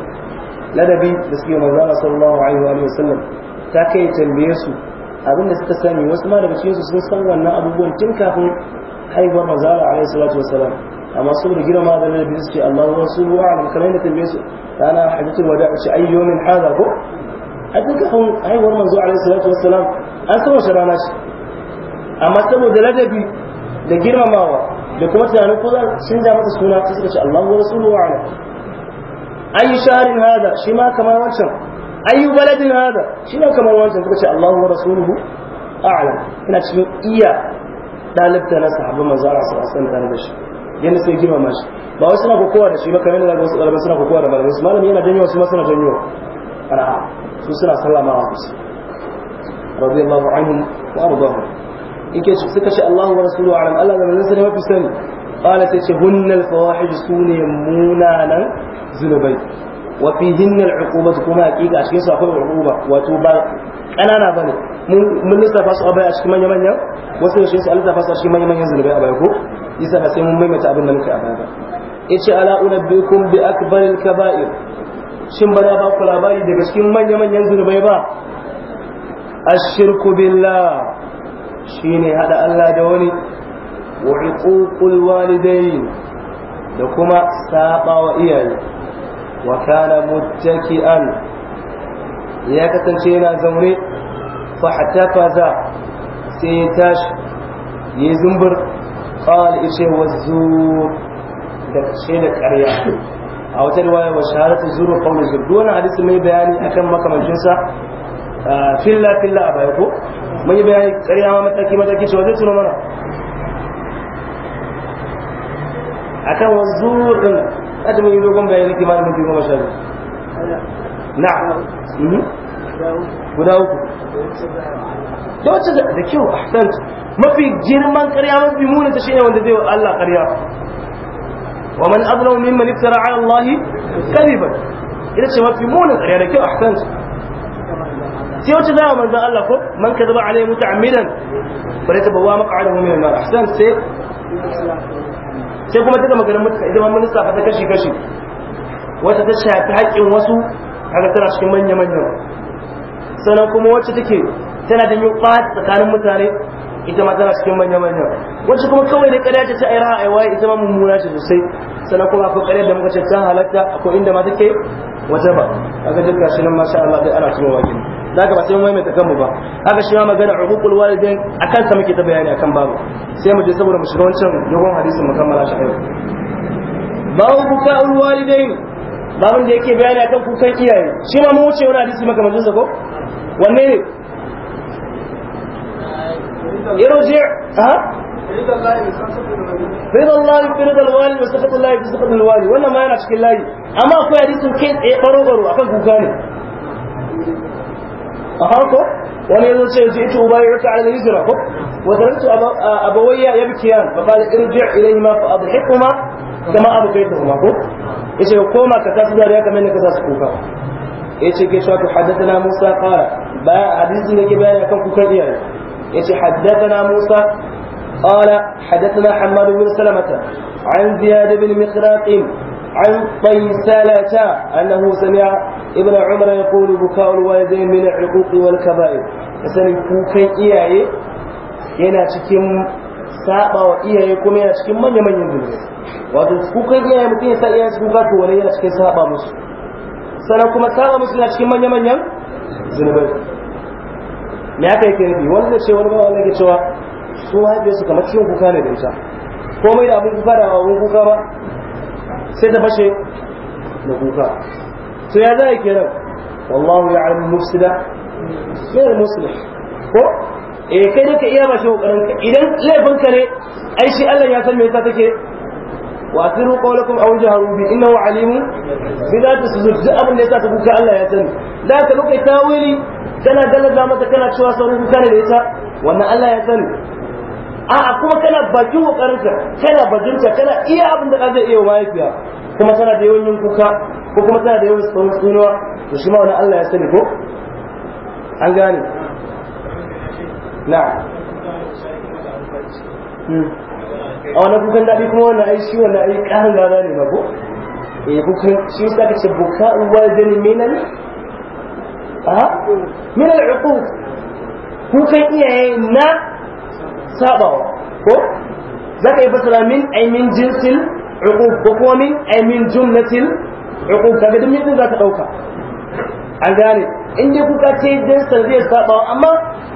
ladabi da suke manzo ta kai tambaye su abinda suka sani wasu ma daga cikin su sun san wannan abubuwan tun kafin haihuwar manzo Allah alaihi salatu wasalam amma saboda girma da nabi su ce Allahu wa rasuluhu a'lam kamar da tambaye su kana hadisul wada ce ayyumin hadha ko a tun kafin haihuwar manzo alaihi salatu wasalam an san wace rana shi. amma saboda ladabi da girmamawa da kuma tunanin ko sun ja masa suna sai suka ce Allah wa rasuluhu a'lam ayi sharin hada shi ma kamar wancan أي بلد هذا شنو كما وانت فقط شاء الله ورسوله أعلم هنا شنو إيا طالبت أنا صحابة ما زال عصر عصر مدان بشي يعني سيجيما ماشي باو سنة كوكوة نشي بكا من الله سنة كوكوة نبال بس مالا مينا جنيو وسما سنة جنيو أنا عام سنة صلى الله عليه وسلم رضي الله عنهم وأرضاهم. إنك سكا شاء الله ورسوله أعلم ألا لما نسل هو في السنة قالت يشهن الفواحج سوني مونانا زنبيت wa fi hinna al'uqubatu kuma hakika cikin su akwai uquba wato ba kanana bane mun lissafa su a baya cikin manya manyan wasu yaushe su lissafa su a cikin manya manyan zulubai a baya ko isa ba sai mun maimaita abin da muke a baya ba yace ala una bi kun bi akbaril kaba'ir shin ba na ba ku labari daga cikin manya manyan zulubai ba ashirku billah shine hada Allah da wani wa uququl walidain da kuma saba wa iyaye wa kana muttaki'an ya kasance yana zaune fa hatafaza sai ya tashi ya zumbur qala ishe wazzur da ce da ƙarya a wata riwaya wa shaharatu zuru qawlu zur duwan hadisi mai bayani akan makamancin sa filla filla a baya ko mun yi bayani ƙarya ma mataki mataki shi zai suna mana akan wazzur din أدم يلوكم بين كمان من فيكم مشاهد نعم وداوك دوت سدى دكيو أحسنت ما في جيرمان قرية ما في مونة شيئا وانت ديو الله قرية ومن أظلم ممن افترى على الله كذبا إذا شما في مونة قرية دكيو أحسنت سيو تدا ومن ذا الله كب من كذب عليه متعمدا فليت مقعده من النار أحسنت سيد sai kuma ta zama maganin mutu idan ma minista fa ta kashi kashi wata ta shafi haƙƙin wasu kaga tana cikin manya manya. sannan kuma wacce take tana da yin ɓata tsakanin mutane ita ma tana cikin manya manya wacce kuma kawai da kada ce ta aira a waye ita ma mummuna ce sosai sannan kuma akwai ƙarya da muka ce ta halatta akwai inda ma take wata ba kaga duk shi nan masha Allah dai ana cikin wa da ba sai mai maimaita kanmu ba haka shi ma magana uququl walidain akan sa muke ta bayani akan babu sai mu je saboda mu shiga wancan dogon hadisin mu kammala shi yau babu buka ul walidain babun da yake bayani akan kukan iyaye shi ma mu wuce wani hadisi makamancin sa ko wanne ne irji ha رضا الله في رضا الوالد وسخط الله في سخط الوالد وانا ما انا اشكي الله اما اكو حديث كيس ايه برو برو اكن كوكاني أخاكم ونحن نسير زئت أبايعك على الهجرة ودرست أبوي يبكيان فقال ارجع إليهما فأضحكهما كما أبقيتهما إيش يقوم كتاس داريا كما أنك تسكوكا إيش يكشوك حدثنا موسى قال با حديث لك بها يكون كتاديا إيش حدثنا موسى قال حدثنا حمد بن سلمة عن زياد بن مخراق عن قيسلة أنه سمع ابن عمر يقول بكاء الوالدين من العقوق والكبائر مثلا كوكي إياه ينا تكيم saba wa iyaye kuma yana cikin manya manyan zunubi wato kukan iyaye mutum ya sa iyaye cikin kuka wani yana cikin saba musu sannan kuma saba musu yana cikin manya manyan zunubai me aka yake nufi wani da ce wani ba wani ke cewa su haife su kamar cikin kuka ne da komai da abin kuka da abin kuka ba sai ta fashe da kuka to ya za a kira wallahu ya alamu mufsida sai musulun ko eh kai da ka iya ba shi kokarin ka idan laifin ka ne ai shi Allah ya san me yasa take wa asiru qawlakum aw jaharu bi innahu alimun bi dhati sudur duk abin da yasa ta kuka Allah ya sani da ka lokai tawili kana galaza mata kana cewa sauran kuka ne da yasa. wannan Allah ya sani a'a kuma kana bakin kokarinka kana bajinta kana iya abin da zai iya mahaifiya kuma tana da yawan yin kuka ko kuma tana da yawan tsoron sunuwa to shi ma wani Allah ya sani ko an gane na hmm. a wani kukan daɗi kuma wani ai shi wani ai ƙarin gana ne ko? eh kukan shi sa ka ce buka uwa minan? menan a menan uku kukan iyaye na sabawa ko zaka yi fasara min ay min jinsil uqub ko kuma min ay min jumlatil uqub kaga duk za zaka dauka an gane in dai kuka ce dan san zai sabawa amma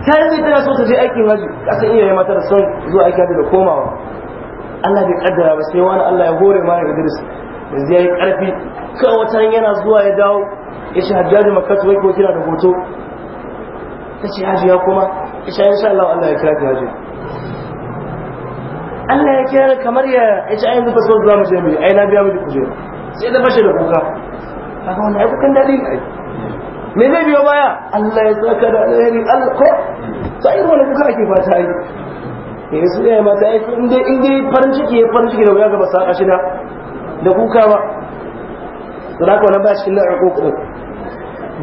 kai zai tana so ta je aikin haji kasan iya yi mata da son zuwa aikin haji da komawa Allah bai kaddara ba sai wani Allah ya hore mana Idris yanzu yayi karfi kawai wata yana zuwa ya dawo ya shi hajjaji makatu wai ko kira da hoto ta ce haji ya kuma isha insha Allah Allah ya kira ki haji Allah ya kira kamar ya ya ci ayin zufa sau zuwa mace mai ai na biya miki kujera sai da fashe da kuka kaga wannan ai kukan daɗi ne me zai biyo baya Allah ya tsaka da alheri Allah ko sai irin wani kuka ake fata ai eh su ya mata ai in inda in farin ciki ya farin ciki da wuya gaba ba saka shi da kuka ba su da wannan ba cikin la'a kuku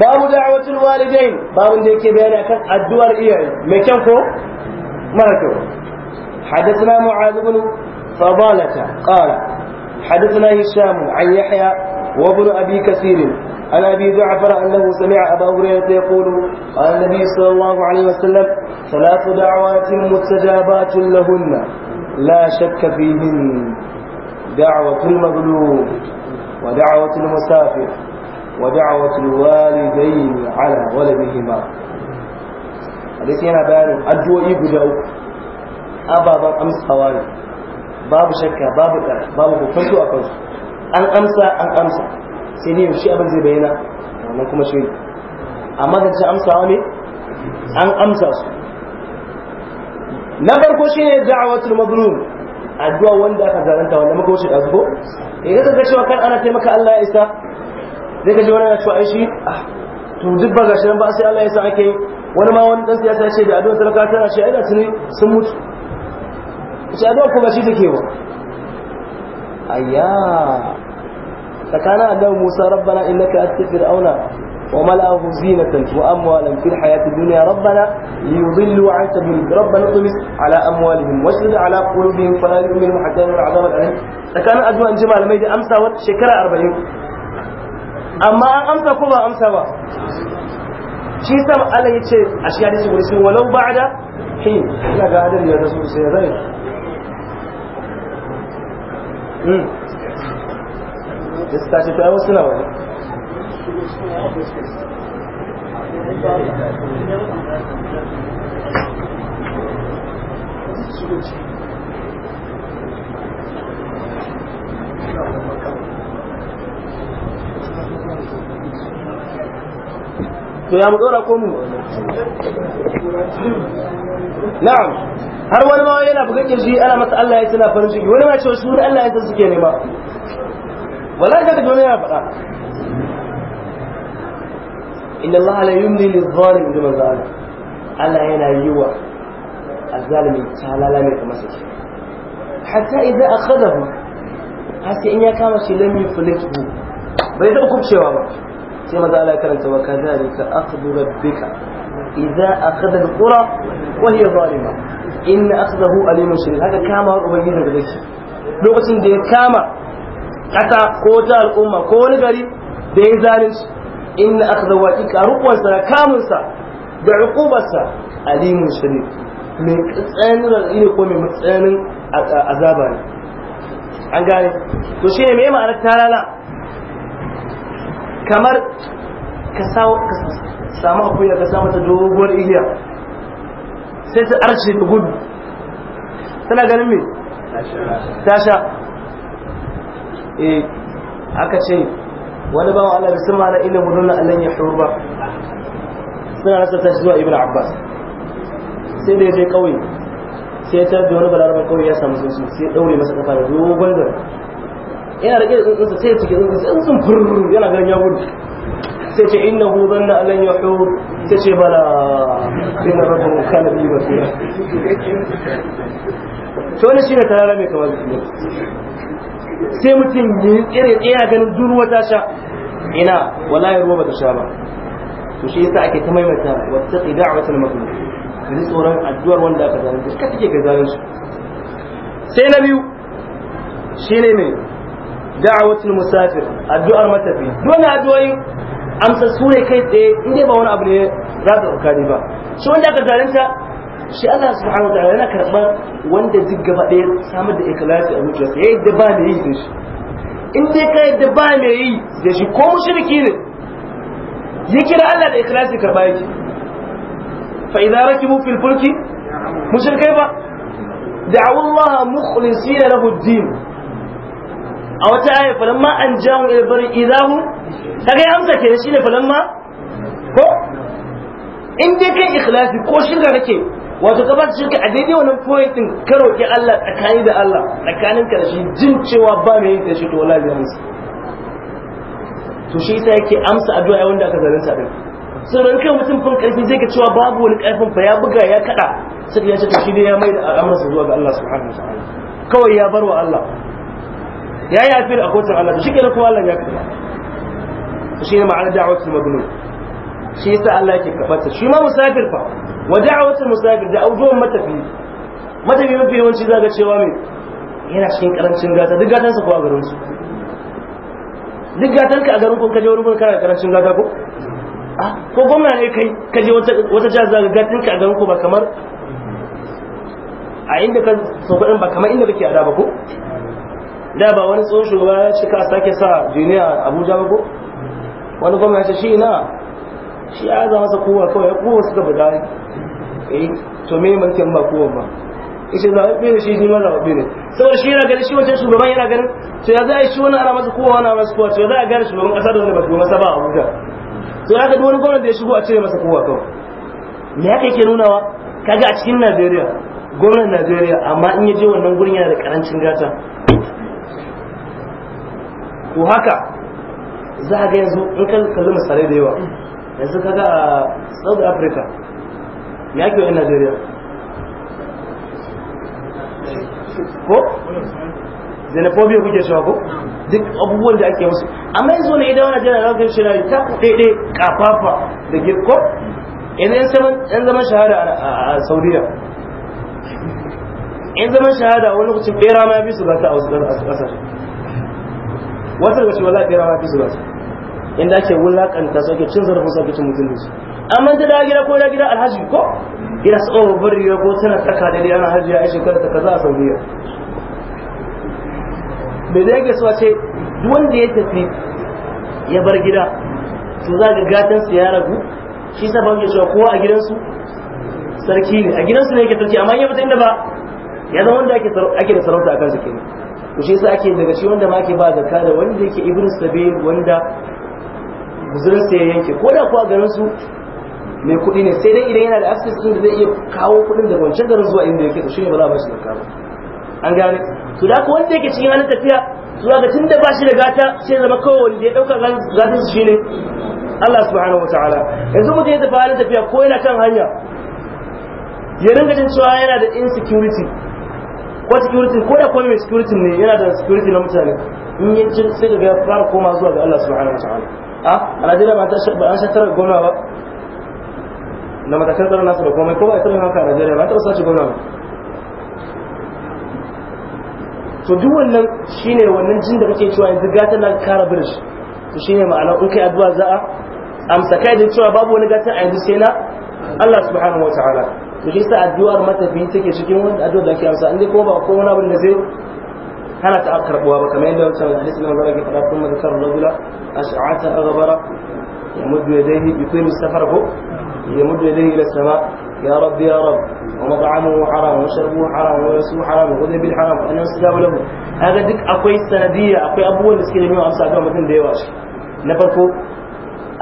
babu da'watul walidain babun da yake bayani akan addu'ar iyaye mai kyan ko mara kyau حدثنا معاذ بن فضالة قال حدثنا هشام عن يحيى وابن أبي كثير عن أبي جعفر أنه سمع أبا هريرة يقول قال النبي صلى الله عليه وسلم ثلاث دعوات مستجابات لهن لا شك فيهن دعوة المظلوم ودعوة المسافر ودعوة الوالدين على ولدهما حديث هنا بيان الدعوة إيه ababen amsawa ne babu shakka babu ɗara babu hukuntu a kansu an amsa an amsa sai ne yaushe abin zai bayyana wannan kuma shi ne amma da ce amsawa ne an amsa su na farko shi a da'awatul mazlum addu'a wanda aka zaranta wanda muka wuce da zubo idan ka cewa kan ana taimaka Allah ya isa zai ka ji wani ya cewa ai shi ah, to duk ba gashi ba sai Allah ya isa ake wani ma wani dan siyasa ya ce da addu'a talaka tana shi ai da sun mutu ce addu'a ko ba shi take ba ayya tsakanin annabi Musa rabbana innaka atta fir'auna wa mala'ahu zinatan wa amwalan fil hayati dunya rabbana liyudillu 'an sabilik rabbana tumis ala amwalihim washdud ala qulubihim fala yu'minu hatta yara 'adab al'alim tsakanin addu'a ji malamai da amsa wata shekara 40 amma an amsa ko ba amsa ba shi sam Allah yace a shi hadisi gurin walau ba'da hin ina ga hadari ya rasul sai rai da hmm. suka ce to ai Thank you. to ya mu dora ko mu na'am har wani ma yana buga kirji ana masa Allah ya tana farin ciki wani ma cewa shi Allah ya san suke nema wallahi daga dole yana faɗa inna Allah la yumli lil-zalim da mazal Allah yana yiwa azalimi talala ne kuma sake hatta idza akhadahu har sai in ya kama shi lam yuflihu bai da kubcewa ba sai maza Allah karanta wa kadhalika akhdhu rabbika idza akhadha alqura wa hiya zalima inna akhdahu alimun shirin haka kama wa ubangiji da zaki lokacin da ya kama kasa ko ta al'umma ko wani gari da ya zalunci inna akhdahu hakika rukunsa da kamunsa da uqubarsa alimun shirin mai tsananin ne ko mai tsananin azaba ne an gane to shi ne me ma'anar talala kamar ka samu akuya ka samu ta doguwar igiya sai ta arce da gudu tana ganin me tasha eh aka ce wani bawan Allah da sirma na ilimin nuna Allah ya shuru ba suna rasa ta zuwa ibn abbas sai da ya je kauye sai ta da wani balarabar kauye ya samu sun sai ya daure masa kafa da dogon da yana rage da tsuntsunsa sai ya cike tsuntsun furr yana ganin ya gudu sai ce inna hu zanna alan hau sai ce bala sai na inna rabbukum kana bi basira to wannan shine tarara mai kamar sai mutum ya tsere tsaya ganin durwa ta sha ina wallahi ruwa ba ta sha ba to shi yasa ake ta maimaita wata da'watul mazlum kaji tsoron addu'ar wanda aka zalunta ka take ka zalunci sai na biyu shi ne mai da'awatul musafir addu'ar matafi dole addu'o'in amsa sure kai taye in dai ba wani abu ne za ka kare ba shi wanda aka zalunta shi Allah subhanahu wataala yana karɓar wanda duk gaba samar da ikhlasi a zuciyarsa ya yadda ba mai yi da shi in yadda ba mai yi da shi ko mushriki Allah da karɓa ba a wata aya falamma an jawo ila bari idahu kaga ya amsa kenan shine falamma ko in dai kai ikhlasi ko shirka kake wato ka bata shirka a daidai wannan point din ka roki Allah tsakani da Allah tsakanin ka da shi jin cewa ba mai yin shi to wallahi zai amsa to shi yasa yake amsa addu'a wanda aka zalunta din sauran kai mutum fin karfi zai ka cewa babu wani karfin fa ya buga ya kada sai ya ce to shi ne ya mai da amsa zuwa ga Allah subhanahu wa ta'ala kawai ya barwa Allah ya yi asiri a kotun Allah shi kenan kuma Allah ya karba shi ne ma'anar da'awatul maghlub shi yasa Allah yake karbarta shi ma musafir fa wa da'awatul musafir da aujuwan matafi matafi mafi yawanci zaga cewa me yana cikin karancin gata duk gatan sa kuwa garin su duk gatan ka a garin kun kaje wurin kun kana karancin gata ko ko gwamna ne kai kaje wata wata jihar zaga gatan ka a garin ku ba kamar a inda ka so ba kamar inda kake a da ba ko da ba wani tsohon shugaba ya ce ka sake sa jiniya abuja ba ko wani kuma ya ce shi na shi ya zama masa kowa kawai ya kowa suka bada eh to me mulkin ba kowa ba ishe za a fi da shi shi mara wabi ne saboda shi yana ganin shi wancan shugaban yana ganin to ya zai shi wani ana masa kowa wani masa kowa to ya a gane shugaban kasa da wani ba kuma masa ba abuja to ya ga wani gwamnati da ya shigo a cire masa kowa kawai me haka yake nunawa kaga a cikin najeriya gwamnan najeriya amma in ya je wannan gurin yana da karancin gata ko haka za a ga yanzu in kan kalli misalai da yawa yanzu kaga a south africa ya ake wani nigeria ko xenophobia kuke cewa ko duk abubuwan da ake musu amma yanzu wani idan wani jana ragar shi rari ta ɗaiɗe kafafa da girko yanzu yan zaman shahada a saudiya yan zaman shahada wani kucin bera ma ya fi su gata a wasu ƙasashe wasu daga cikin wala bera ma fi su wasu inda ake wulakanta sauke cin zarafin sauke cin su amma ta da gida ko da gida alhaji ko Ya su tsoro bari ya ko tana tsaka da dai ana hajiya ai kada ta kaza a saudiya bai zai ga suwa ce wanda ya tafi ya bar gida to za ga gatan su ya ragu shi sa ke cewa kowa a gidansu sarki ne a gidansu ne yake sarki amma in ya fita inda ba ya zama wanda ake da sarauta a kan su kenan Ku shi yasa ake daga cikin wanda ma ke ba zakka da wanda yake ibn sabil wanda guzurin ya yanke ko da kuwa garin su mai kuɗi ne sai dai idan yana da access din da zai iya kawo kuɗin da wancan garin zuwa inda yake to shine ba za a bashi zakka ba an gane to da haka wanda yake cikin halin tafiya zuwa ga tunda ba shi da gata sai zama kawai wanda ya dauka gatin su shine Allah subhanahu wataala yanzu mutum ya tafi halin tafiya ko yana kan hanya ya ringa jin cewa yana da insecurity ko security ko da kuma mai security ne yana da security na mutane in yi cin sai ga fara koma zuwa ga Allah subhanahu wa ta'ala a a Najeriya ba an shatar gwamna ba na matakan tsaron nasu da komai ko ba a tsarin haka a Najeriya ba an taɓa sace gwamna ba to duk wannan shine wannan jin da kake cewa yanzu gata na kara birish to shine ma'ana in kai addu'a za a amsa kai da cewa babu wani gata a yanzu sai na Allah subhanahu wa ta'ala to shi sa addu'ar matafi take cikin wanda addu'ar da ke amsa inda kuma ba ko wani abin da zai hana ta karbuwa ba kamar yadda wancan hadisi na zara ke fara kuma da zakar rajula ash'ata aghbara yamuddu yadayhi bi kulli safar ko yamuddu yadayhi ila sama ya rabbi ya rabbi wa mad'amu haram wa sharabuhu haram wa yasuhu haram wa ghadha bil haram an anna sababu lahu haka duk akwai sanadiyya akwai abubuwan da suke nemi amsa ga mutum da yawa shi na farko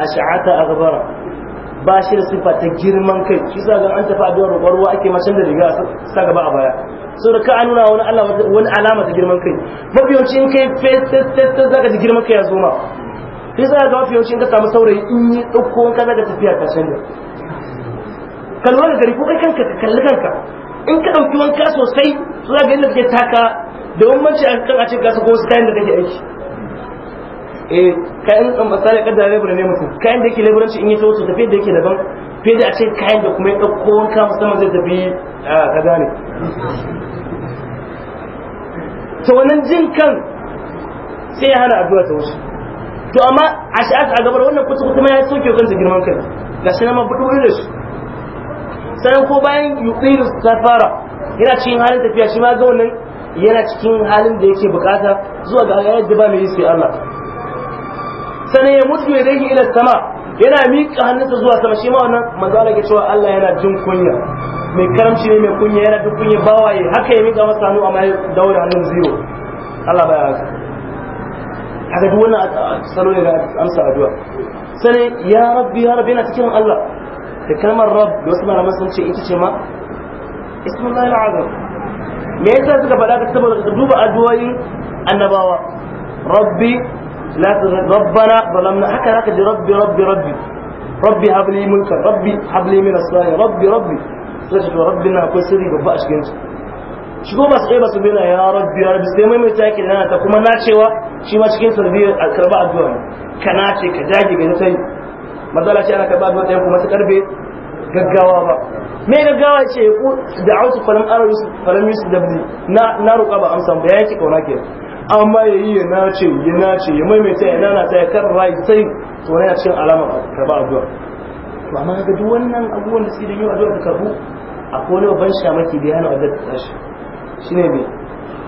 ash'ata aghbara ba shi da sifa ta girman kai shi sa ga an tafi addu'ar roƙon ruwa ake macen da riga sa gaba a baya so da ka an nuna wani Allah wani alama ta girman kai mafi yawanci in kai face test zaka ji girman kai ya zo ma shi sa ga mafi yawanci in ka samu saurayi in yi ɗauko ka zaga tafiya ta canja ka lura da gari ko kai kanka ka kalli kanka in ka ɗauki wanka sosai so za ga yadda kake taka da wani manci a kan a ce ka sako wasu kayan da kake aiki Eh, kayan kan basare kada lebura ne mutum kayan da yake leburanci in ya tawo tafi da yake daban fiye da a ce kayan da kuma ya wani kamar musamman zai tafi ka gane to wannan jin kan sai ya hana addu'a ta wasu to amma a shi a gabar wannan kutu kuma ya soke kansa girman kai ga shi ma budu da su sanan ko bayan yuqiru safara yana cikin halin tafiya shi ma ga wannan yana cikin halin da yake bukata zuwa ga ayat ba mai yi sai Allah sannan ya mutu ya dai ila sama yana miƙa hannunsa zuwa sama shi ma wannan manzo Allah ke cewa Allah yana jin kunya mai karamci ne mai kunya yana duk kunya bawaye haka ya miƙa masa hannu amma ya daura hannun zero Allah baya haka haka duk wannan salo ne ga amsa addu'a sanai ya rabbi ya rabbi yana cikin Allah da kalmar rabb da wasu malaman sun ce ita ce ma ismullahi al'azam me yasa suka faɗa ka saboda duba addu'o'in annabawa rabbi لا rabbana zalamna haka zaka ji rabbi rabbi rabbi rabbi habli mulkan rabbi habli min rabbi rabbi sai ce rabbi na akwai sirri babba a cikin ba su kai ba su bina ya rabbi ya rabbi sai mai mai take da ta kuma cewa shi ma cikin sarbi a karba addu'a ka nace ka jage ga sai mazala ce ana karba addu'a ta kuma ta karbe gaggawa ba me gaggawa ce ku da'awtu falam ara yusuf falam yusuf na na ba amsan ba kauna kenan amma ya yi ya nace ya nace ya maimaita ya lalata ya kan rai sai to na cikin alama karba addu'a to amma ga duk wannan abubuwan da suke da yau addu'a ta karbu akwai wani sha shamaki da ya addu'a ta shine ne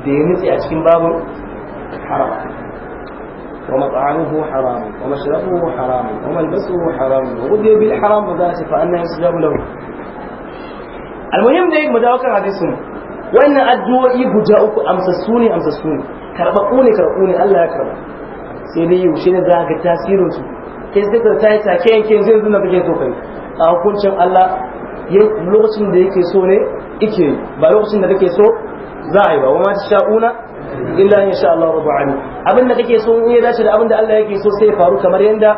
da ya a cikin babin haram ومطعمه حرام ومشربه حرام وملبسه حرام وغذي بالحرام da فأنا يستجاب له المهم ده Wannan addu'o'i guda uku amsa suni amsa suni. karɓaɓɓu kune karɓu kune Allah ya karɓa sai dai yau shi ne za ga tasirin su kai sai ka ta yi take yanke yanzu yanzu na kake so kai a hukuncin Allah lokacin da yake so ne yake ba lokacin da kake so za a yi ba wama sha'una illa in sha Allah rabu ani abin da kake so in ya dace da abin da Allah yake so sai ya faru kamar yanda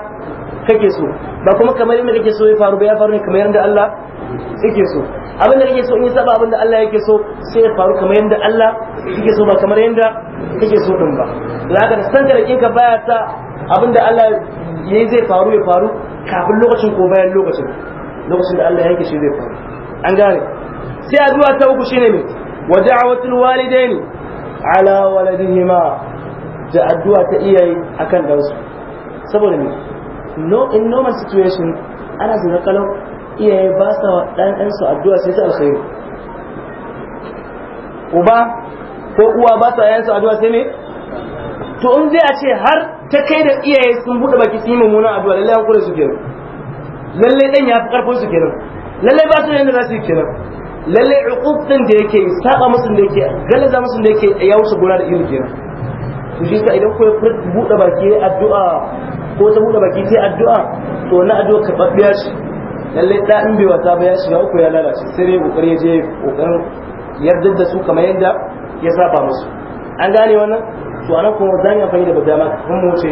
kake so ba kuma kamar yanda kake so ya faru ba ya faru ne kamar yanda Allah suke so abin da kake so in yi saba abin da Allah yake so sai ya faru kamar yadda Allah yake so ba kamar yadda kake so din ba da haka san da kinka baya sa abin da Allah yayi zai faru ya faru kafin lokacin ko bayan lokacin lokacin da Allah yake shi zai faru an gane sai addu'a ta uku shine ne wa da'awatul walidaini ala waladihima da addu'a ta iyaye akan dansu saboda ne no in normal situation ana zina kalau iyaye ba sa wa ɗan'ansu addu'a sai ta alkhairi uba ko uwa ba sa yayansu addu'a sai ne to in zai a ce har ta kai da iyaye sun buɗe baki sun yi mummunan addu'a lallai an kure su kenan lallai ɗan ya fi ƙarfin su kenan lallai ba su yadda za su yi kenan lallai uquq da yake saba musu da yake galaza musu da yake ya wuce gona da iri kenan su shi sa idan ko buɗe baki addu'a ko ta buɗe baki sai addu'a to na addu'a karɓaɓɓiya shi lalle da in bai wata ba ya shiga uku ya lalace sai dai kokari ya je kokarin yardar da su kamar yadda ya saba musu an gane wannan to anan kuma zan yi amfani da dama kun mu wuce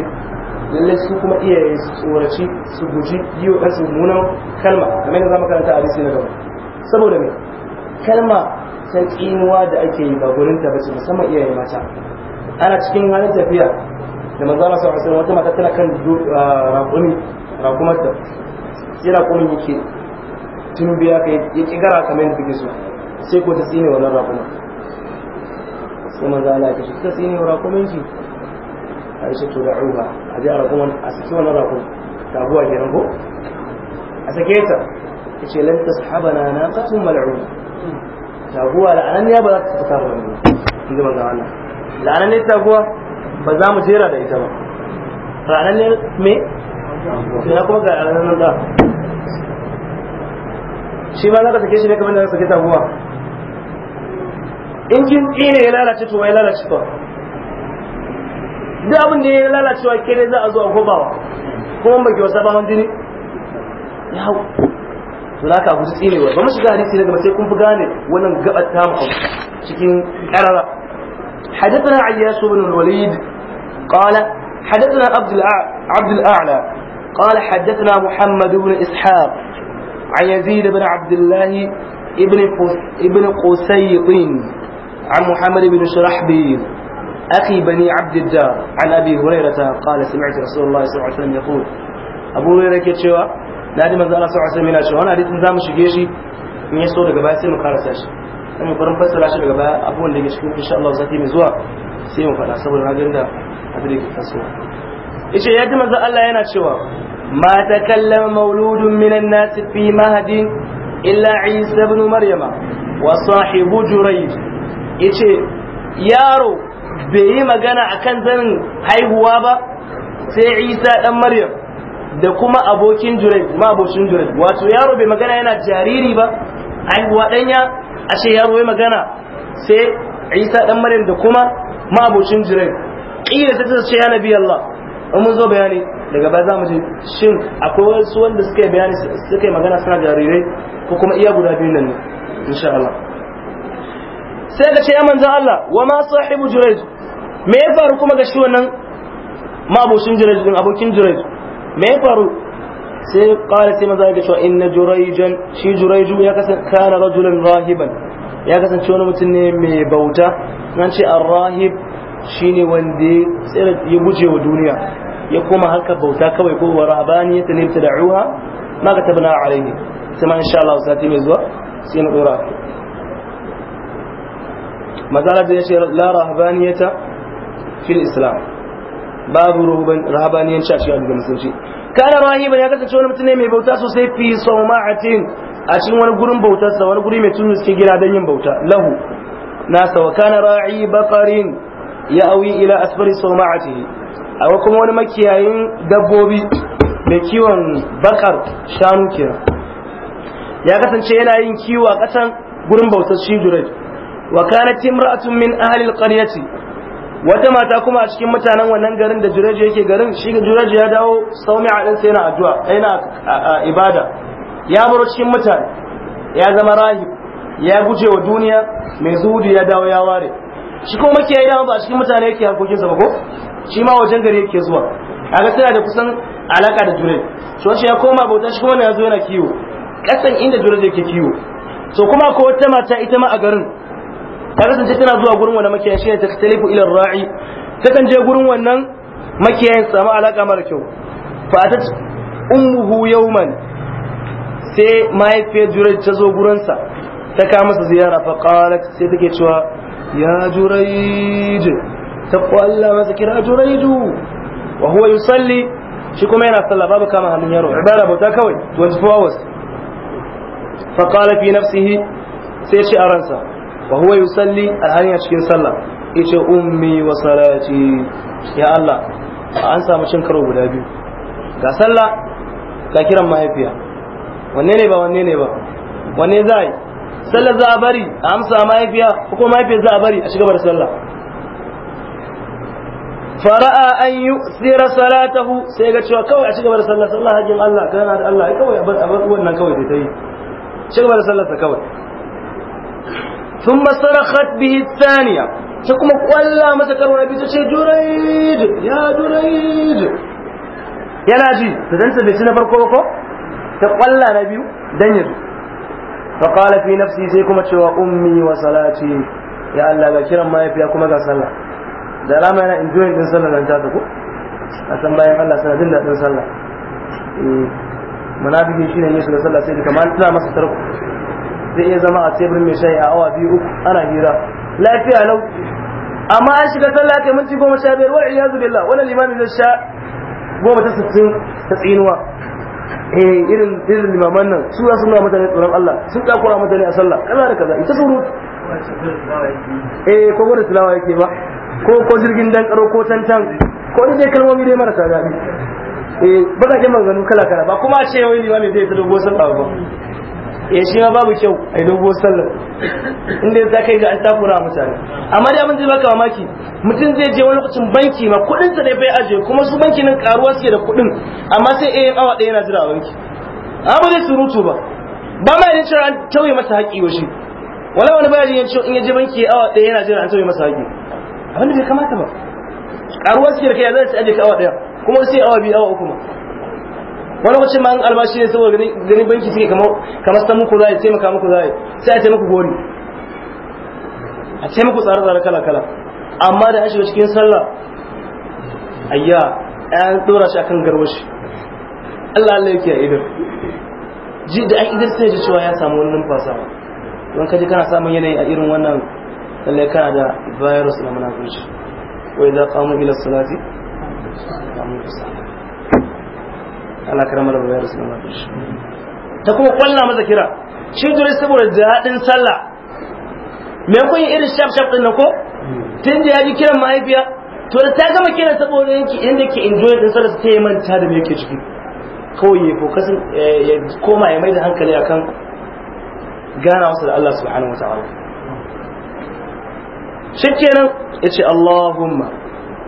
lalle su kuma iyaye su tsoraci su guji yi wa kansu munan kalma kamar yadda za mu karanta a hadisi na gaba saboda me kalma ta tsinuwa da ake yi ba gurin ta bace musamman iyaye mata ana cikin halin tafiya da manzo Allah wata mata kan ah, rakumi sai raƙumin yake tun biya ka ya kigara kamar yadda kuke so sai ko ta tsine wannan raƙumin sai manzo Allah ya kace ta tsine wa raƙumin ki Aisha to da uba a ji raƙumin a saki wannan raƙumin ta buwa kenan ko a sake ta kace lan tashabana naqatun mal'un ta buwa la'anan ya ba za ta tsaka ba inda manzo Allah la'anan ne ta buwa ba za mu jera da ita ba ranar ne me? Ina kuma ga nan da shi ma zaka ka sake shi ne kamar da za ka sake in kin ne ya lalace to ya lalace to duk abin da ya lalacewa ke ne za a zo a gobawa kuma ba ki wasa ba jini ya hau to da ka guji wa ba mu shiga hadisi daga sai kun fi gane wannan gaba ta mu cikin karara حدثنا عياش بن الوليد قال حدثنا عبد الأعلى قال حدثنا محمد بن إسحاق عن يزيد بن عبد الله ابن ابن قسيط عن محمد بن شرحبيل أخي بني عبد الدار عن أبي هريرة قال سمعت رسول الله صلى الله عليه وسلم يقول أبو هريرة كتشوى نادي من ذلك صلى الله عليه وسلم يقول أنا أريد نظام شقيشي من يسوى لقباء سيما خارساش أنا يقول مفسر عشر لقباء أبو اللي يشكوك إن شاء الله وزاتي مزوى سيما فلا سبب هذا عند أدريك التسوى إيش يا دي من ذلك الله ينا تشوى ما تكلم مولود من الناس في مهد إلا عيسى بن مريم وصاحب جريج يتي يارو بي مغانا أكن زن هاي هو با سي عيسى بن مريم da kuma abokin jurai ma abokin jurai wato yaro bai magana yana jariri ba haihuwa danya ashe yaro bai magana sai isa dan maryam da kuma ma abokin jurai kila sai ta ce ya nabi allah mun zo bayani daga baya za mu ji shin akwai wasu wanda suka yi bayani suka yi magana suna jarirai ko kuma iya guda biyu nan ne insha Allah sai ka ce ya manzan Allah wa ma sahibu jurayj me ya faru kuma ga shi wannan mabushin jurayj din abokin jurayj me ya faru sai kare sai maza ya ce inna jurayjan shi jurayju ya kasance kana rajulan rahiban ya kasance wani mutum ne mai bauta nan ce arrahib rahib shine wanda ya guje wa duniya ya koma harkar bauta kawai ko wa rahabani ya tanim ta da'uha ma ka tabna alaihi sai ma insha Allah sati mai zuwa sai na dora mazala da yace la rahabaniyata fil islam babu rahabaniyanci a cikin addinin musulunci kana rahiban ya kasance wani mutum ne mai bauta sosai fi sauma'atin a cikin wani gurin bautar sa wani guri mai tunu suke gina don yin bauta lahu nasa wa kana ra'i baqarin ya awi ila asfari sauma'atihi akwai kuma wani makiyayin dabbobi mai kiwon bakar shanu kenan ya kasance yana yin kiwo a kasan gurin bautar shi durai wa kana imra'atun min ahli alqaryati wata mata kuma a cikin mutanen wannan garin da jureji yake garin shi ga jureji ya dawo saumi a dinsa yana addu'a yana ibada ya baro cikin mutane ya zama rahib ya guje wa duniya mai zuhudu ya dawo ya ware shi ko makiyayi dama ba a cikin mutane yake harkokinsa ba ko shi ma wajen gari yake zuwa a ga tana da kusan alaka da jure, so shi ya koma bauta shi kuma ya zo yana kiwo kasan inda jure yake kiwo so kuma ko wata mata ita ma a garin ta kasance tana zuwa gurin wannan makiyaya shi ne ta talifu ila ra'i ta kan je gurin wannan makiyayin samu alaka mara kyau fa ta ummuhu yawman sai mahaifiyar jure ta zo gurinsa ta kama masa ziyara fa qalat sai take cewa ya jurai taqwa Allah wa zikra turidu wa huwa yusalli shi kuma yana sallah babu kama hannun yaro ibada bauta kawai 24 hours fa qala fi nafsihi sai ce a ransa wa huwa yusalli alhanya cikin sallah yace ummi wa salati ya Allah an samu cin karo guda biyu ga sallah ga kiran mahaifiya wanne ne ba wanne ne ba wanne za a yi sallar za a bari a amsa mahaifiya ko mahaifiya za a bari a shiga bar sallah fara'a an yi tsira salatahu sai ga cewa kawai a cigaba da sallar sallar hajjin Allah kana da Allah kawai a bar wannan kawai sai ta yi cigaba da sallarsa kawai thumma sarakhat bihi thaniya ta kuma kwalla masa karo na biyu ta ce duraid ya duraid yana ji ta danta bai ci na farko ko ta kwalla na biyu dan yanzu fa qala fi nafsi sai kuma cewa ummi wa salati ya Allah ga kiran mahaifiya kuma ga sallah da alama yana enjoying din sallar nan ta ko a san bayan Allah sana jin daɗin sallah eh, munafiki shi ne shiga sallah sai kamar tana masa tarko zai iya zama a teburin mai shayi a awa biyu uku ana hira lafiya lau amma an shiga sallah kai minti goma sha biyar wa iyazu billah wannan limami zai sha goma ta sittin ta tsinuwa eh irin irin limaman nan su za su nuna mutane tsoron Allah sun takura mutane a sallah kaza da kaza ita suru eh ko gwada tilawa yake ba ko ko jirgin dan karo ko tantan ko ni dai kalmomi dai marasa daɗi eh ka ji maganganu kala kala ba kuma ce wai wani zai ta dogo sallah ba eh shi ma babu kyau ai dogo sallah inda za ka yi da an takura mutane amma dai abin zai baka mamaki mutum zai je wani lokacin banki ma kuɗin sa dai bai aje kuma su banki nan karuwa suke da kuɗin amma sai eh awa ɗaya yana jira a banki amma zai surutu ba ba ma yin cewa an tauye masa haƙi wa shi wala wani bayani ya ce in ya je banki awa ɗaya yana jira an tauye masa haƙi wanda bai kamata ba karuwar ciyar kai zai tsaye ka awa daya kuma sai awa biyu awa uku ma wani lokacin ma an albashi ne saboda ganin banki suke kamar san muku zai sai maka muku zai sai a ce muku gori a ce muku tsare-tsare kala-kala amma da an shiga cikin sallah ayya an dora shi akan garwashi Allah Allah yake a idan ji da an idan sai ji cewa ya samu wannan fasawa don kaji kana samun yanayi a irin wannan lalle kana da virus na munafunci wa idza qamu ila salati qamu Allah karama da virus na munafunci ta kuma kwalla masa kira shi dole saboda daɗin sallah mai kun yi irin shaf shaf ɗin din ko tun da ya ji kiran mahaifiya to da ta gama kiran saboda yanki inda ke enjoy din sallah ta yi manta da me yake ciki kawai ya fokasin eh, ya koma ya mai da hankali akan gana wasu da Allah subhanahu wa ta'ala ya ce Allahumma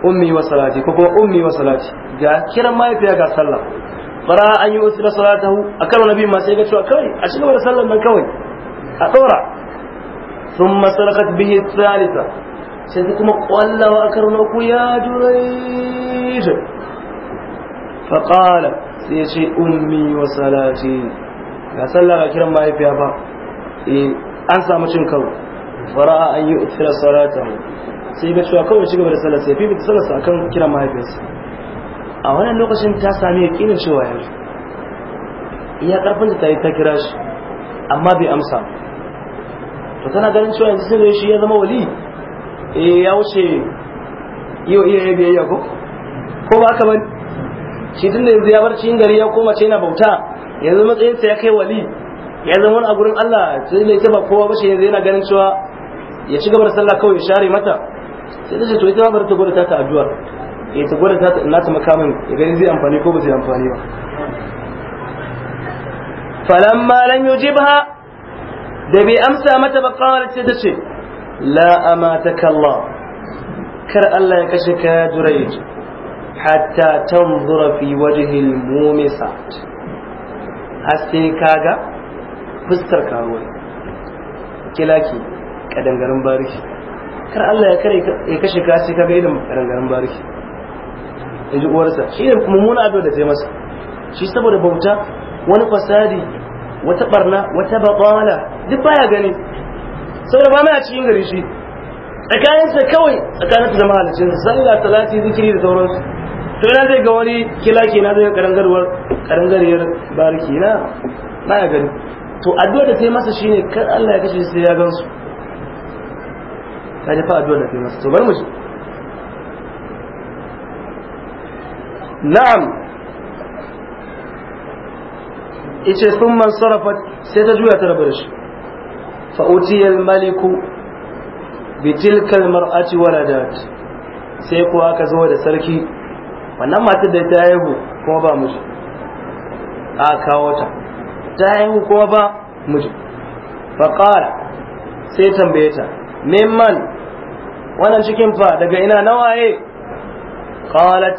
ummi wa salati ko kuma ummi wa salati ga kiran mahaifiya ga sallah fara an yi wasu salatahu a kan nabi ma sai ga cewa kawai a shiga da sallar nan kawai a dora sun masarakat bihi salisa sai ta kuma kwallawa a karo na uku ya jurai faƙala sai ya ce ummi wa salati ga sallah ga kiran mahaifiya ba eh, an samu cin karo fara'a an yi utfira sarata sai ga cewa kawai cigaba da ya fi fifi ta a akan kiran mahaifinsa a wannan lokacin ta sami yakinin cewa yanzu iya karfin da ta yi ta kira shi amma bai amsa to tana ganin cewa yanzu sai shi ya zama wali E, ya wuce yau iya ya ko ko ba haka ba shi tun da yanzu ya bar cikin gari ya koma ce yana bauta yanzu matsayinsa ya kai wali ya zama wani a gurin Allah sai da ita ba kowa ba shi yanzu yana ganin cewa ya ci gaba da sallah kawai ya share mata sai ta ce to ita ba ta gwada ta addu'ar ya eh, ta gwada ta nata makamin ya gani zai amfani ko ba zai amfani ba falamma lam yujibha da bai amsa mata ba qalat sai ta ce la amataka Allah kar Allah ya kashe ka Jurayj hatta tanzura fi wajhi al-mumisat haske kaga fuskar karuwa kilaki kadangaren bariki kar Allah ya kare ya kashe ka sai ka ga irin kadangaren bariki ya ji uwarsa shi ne mummuna abin da ta yi masa shi saboda bauta wani fasadi wata barna wata batala duk baya gani saboda ba mai a cikin gari shi tsakaninsa kawai tsakaninsa da mahalicinsa sallah talati zikiri da sauransu to yana zai ga wani kilaki na zai karangarwar karangariyar bariki na baya ya gani to addu'a da ta yi masa shine kar Allah ya kashe sai ya gansu ta ji fa addu'a da kai masa to bari mu ji na'am ice sun man sarrafa sai ta juya ta rabu shi fa'utiyar maliku bitilkar mar'aci waladat sai kuwa aka zo da sarki wannan mata da ta haihu kuma ba mu a kawo ta ta haihu kuma ba miji faƙara sai tambaye ta mimman wannan cikin fa daga ina nawaye qalat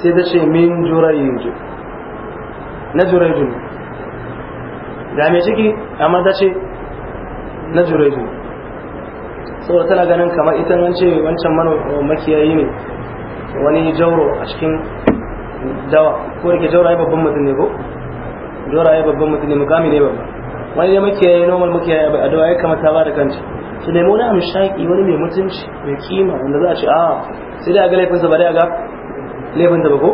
sai ta ce min jurayj na jurayj ne Da mai ciki amma ta ce na jurayj saboda tana ganin kamar ita an ce wancan makiyayi ne wani jauro a cikin dawa ko da ke jauraye babban mutum ne ko jauraye babban mutum ne mukami ne babba wani ya makiyayi normal makiyayi a dawa ya kamata ba da kanci su nemi wani amshaki wani mai mutunci mai kima wanda za a ce a ah, sai dai a ga laifinsa ba dai a ga laifin da ba ko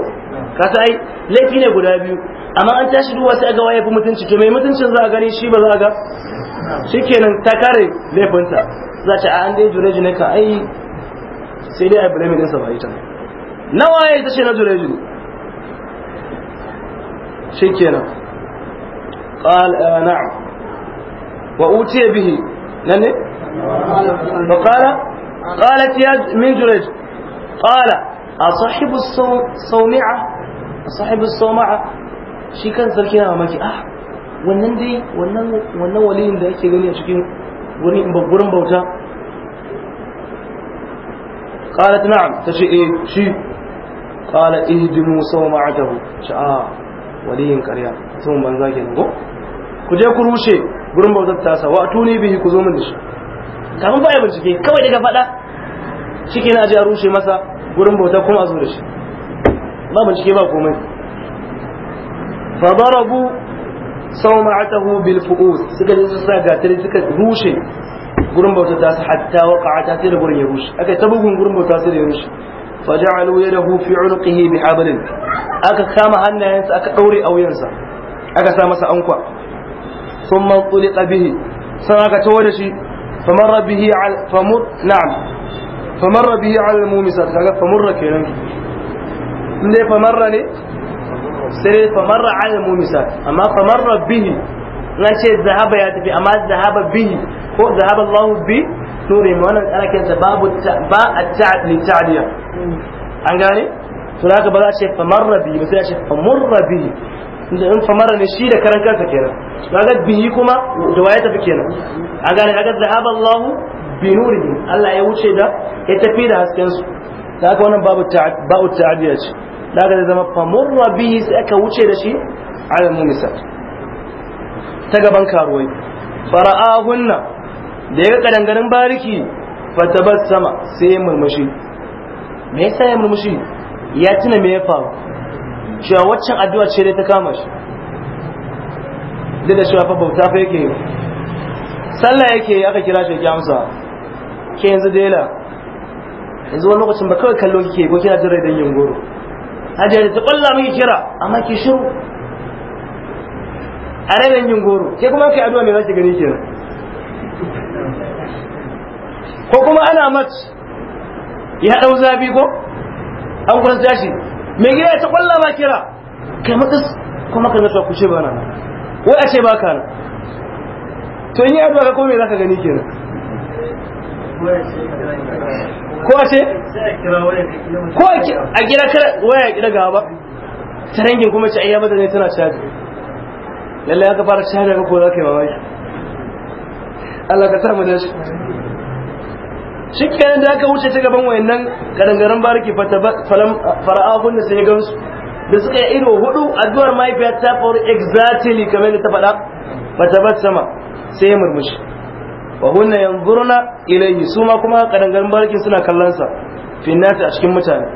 ka ai laifi ne guda biyu amma an tashi duwa sai a ga waye fi mutunci to mai mutuncin za a gani shi ba za a ga shikenan ta kare laifinta za a ce a ah, an dai jure jine ka ai sai dai a blame din sa ba ita nawa ya ta ce na jure jine shikenan qal ah, na'am wa utiya bihi nan ne فقال قالت يا من جريج قال أصحب الصومعة أصحب الصومعة shi kan sarki na mamaki ah wannan dai wannan waliyin da yake gani a cikin wani gurin bauta qalat na'am tace eh shi qala ihdimu sawma'atahu sha'a waliyin ƙarya sun banza kenan ko ku je ku rushe gurin bautar tasa wa atuni bihi ku zo min da shi kafin ba ya bincike kawai daga faɗa shi na ji a rushe masa gurin bauta kuma a zo da shi ba bincike ba komai fadarabu sawma'atahu bil fuqus suka ji su sa gatari suka rushe gurin bauta ta su hatta waqa'ata sai da gurin ya rushe aka ta bugun gurin bauta sai da ya rushe faja'alu yadahu fi 'unuqihi bi hablin aka kama hannayensa aka daure a wuyansa aka sa masa ankwa thumma tuliqa bihi sai aka tawo da shi famar bihi al famur na'am famar bihi al mumisat kaga famurra kenan in dai famarra ne sai famarra al mumisat amma famar bihi na ce zahaba ya tafi amma zahaba bihi ko zahaba Allah bi nuri wannan ana kinsa babu ba at-ta'd li ta'diya an gane to da ba za a ce famarra bihi da in famara ne shi da karan kansa kenan ga bihi kuma da waye tafi kenan a gane da zahaba Allah bi nurihi Allah ya wuce da ya tafi da hasken su da haka wannan babu ba'u ta'diya ce da ga zama famurra bihi sai aka wuce da shi ala munisa ta gaban karuwai fara'ahunna da ya ga kadangarin bariki fatabassama sai ya murmushi me yasa ya murmushi ya tuna me ya faru cewa waccan addu'a ce dai ta kama shi duk da cewa fa bauta fa yake sallah yake aka kira shi ya amsa ke yanzu dela yanzu wani lokacin ba kawai kallo kike ko kina jin rai dan yin goro hajiya ta kwalla miki kira amma ki shiru a ranar yin goro ke kuma kai addu'a ne za ki gani kenan ko kuma ana mat ya dau zabi ko an kwanta shi. mai gida ya ta kwalla ma kira kai matas kuma ka zata ku ce ba na wai a ce ba ka na to in yi addu'a ka kome za ka gani kenan ko a ce ko a kira waya ya kira gaba ba ta rangin kuma ci ayyama da ne tana caji lallai aka fara caji ga ko za ka yi mamaki Allah ka samu da shi shikenan da aka wuce ta gaban wayannan kadangaren bariki fara'ahun da sai gansu da suka yi ido hudu addu'ar mahaifiya ta faru exactly kamar da ta faɗa bata bat sama sai ya murmushi wa hunna yanzuruna ilayhi su ma kuma kadangaren bariki suna kallon sa finnata a cikin mutane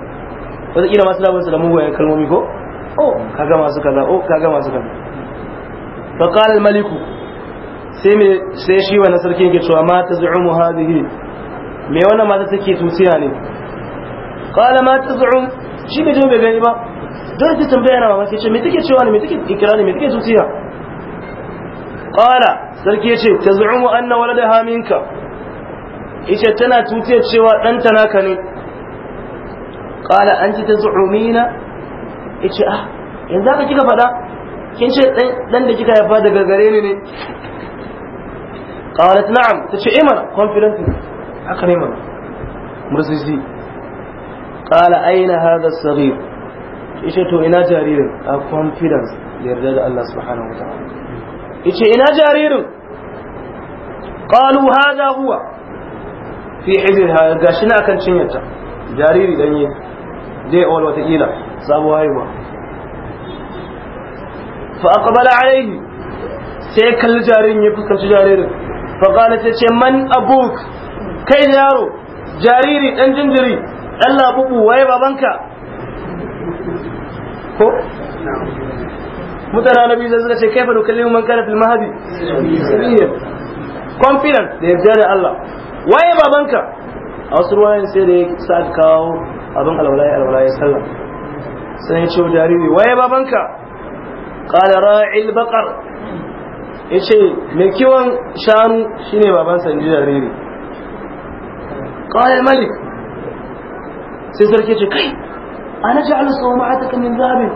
wata kila masu labin su da mugayen kalmomi ko oh kaga masu kaza oh kaga masu kaza fa qala al maliku sai me sai shi wannan sarkin yake cewa ma tazumu hadhihi me wannan mata take tusiya ne qala ma taz'um shi bai je bai gani ba dole ta tambaya na mamaki ce me take cewa ne me take ikira ne me take tusiya qala sarki yace taz'umu anna waladaha minka yace tana tusiya cewa dan ta naka ne qala anti taz'umina yace ah yanzu haka kika faɗa kin ce dan da kika yafa daga gare ni ne qalat na'am tace imana eh confidently haka ne mana mursisi qala aina hadha as-saghir to ina jaririn a confidence yarda da Allah subhanahu wa ta'ala yace ina jaririn qalu hadha huwa fi hijriha gashi na kan cinyarta jariri yi. zai awal wata kila sabuwa haihuwa fa aqbala alayhi sai kalli jaririn ya fuskanci jaririn fa qala ta ce man abuk kai yaro jariri dan jinjiri dan labubu waye babanka ko mutane nabi zai ce kai fa nukallimu man kana fil mahadi confident da yarda da Allah waye babanka a wasu ruwayan sai da ya sa kawo abin alwalai alwalaye sallam sai ya ce jariri waye babanka qala ra'il baqar yace mai kiwon shanu shine baban inji jariri qala malik sai sarki ce kai ana ja'alu sawma'ataka min zahabin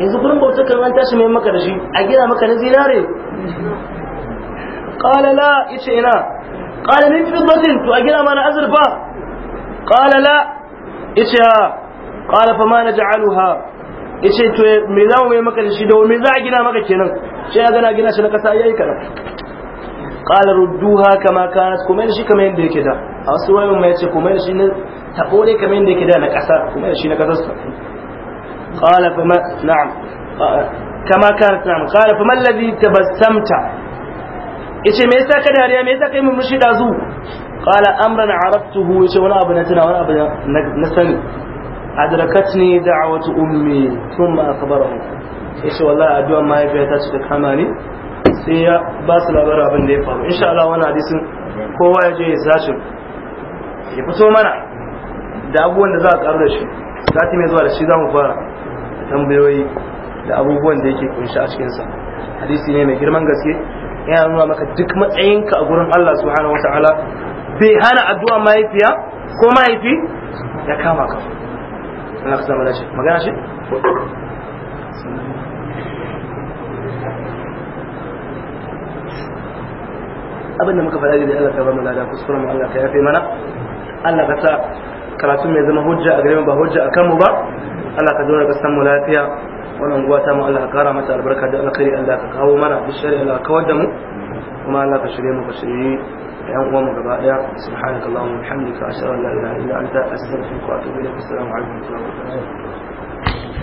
yanzu gurin bautar kan an tashi mai maka da shi a gina maka na zinare qala la yace ina qala min fiddatin to a gina mana azurfa qala yace ma to me za mu mai maka da shi da me za a gina maka kenan sai ya gana gina shi na kasa yayi kaza qala rudduha kama kanat kuma shi kamar yadda yake da a wasu wayoyin mai ce kuma shi na tabo ne kamar yadda yake da na ƙasa kuma shi na ƙasar sa qala fa na'am kama kana na'am qala fa man ladhi tabassamta yace me yasa ka dariya me yasa kai mun mushi dazu qala amran arabtuhu yace wani abu na tana wani abu na sani adrakatni da'watu ummi thumma akhbarahu yace wallahi addu'a mahaifiyata ce ta kama ni sai ya ba su labarin abin da ya faru insha Allah wannan hadisin kowa ya je ya zaci ya fito mana da abubuwan da za a karu da shi sati mai zuwa da shi za mu fara tambayoyi da abubuwan da yake kunshi a cikinsa hadisi ne mai girman gaske yana nuna maka duk matsayinka a gurin Allah subhanahu wataala bai hana addu'a mahaifiya ko mahaifi ya kama ka Allah ka samu dace magana shi abin da muka faɗa da Allah ta ba mu lada kuskuren Allah ka yafe mana Allah ka sa karatu mai zama hujja a gare mu ba hujja a kanmu ba Allah ka zauna ka san mu lafiya wannan unguwa ta mu Allah ka kara mata albarka da alkhairi Allah ka kawo mana bishari Allah ka kawar da mu kuma Allah ka shirye mu ka shirye yan uwan mu gaba daya subhanaka allahumma wa bihamdika ashhadu an la ilaha illa anta astaghfiruka wa atubu ilaik assalamu alaikum wa rahmatullahi wa barakatuh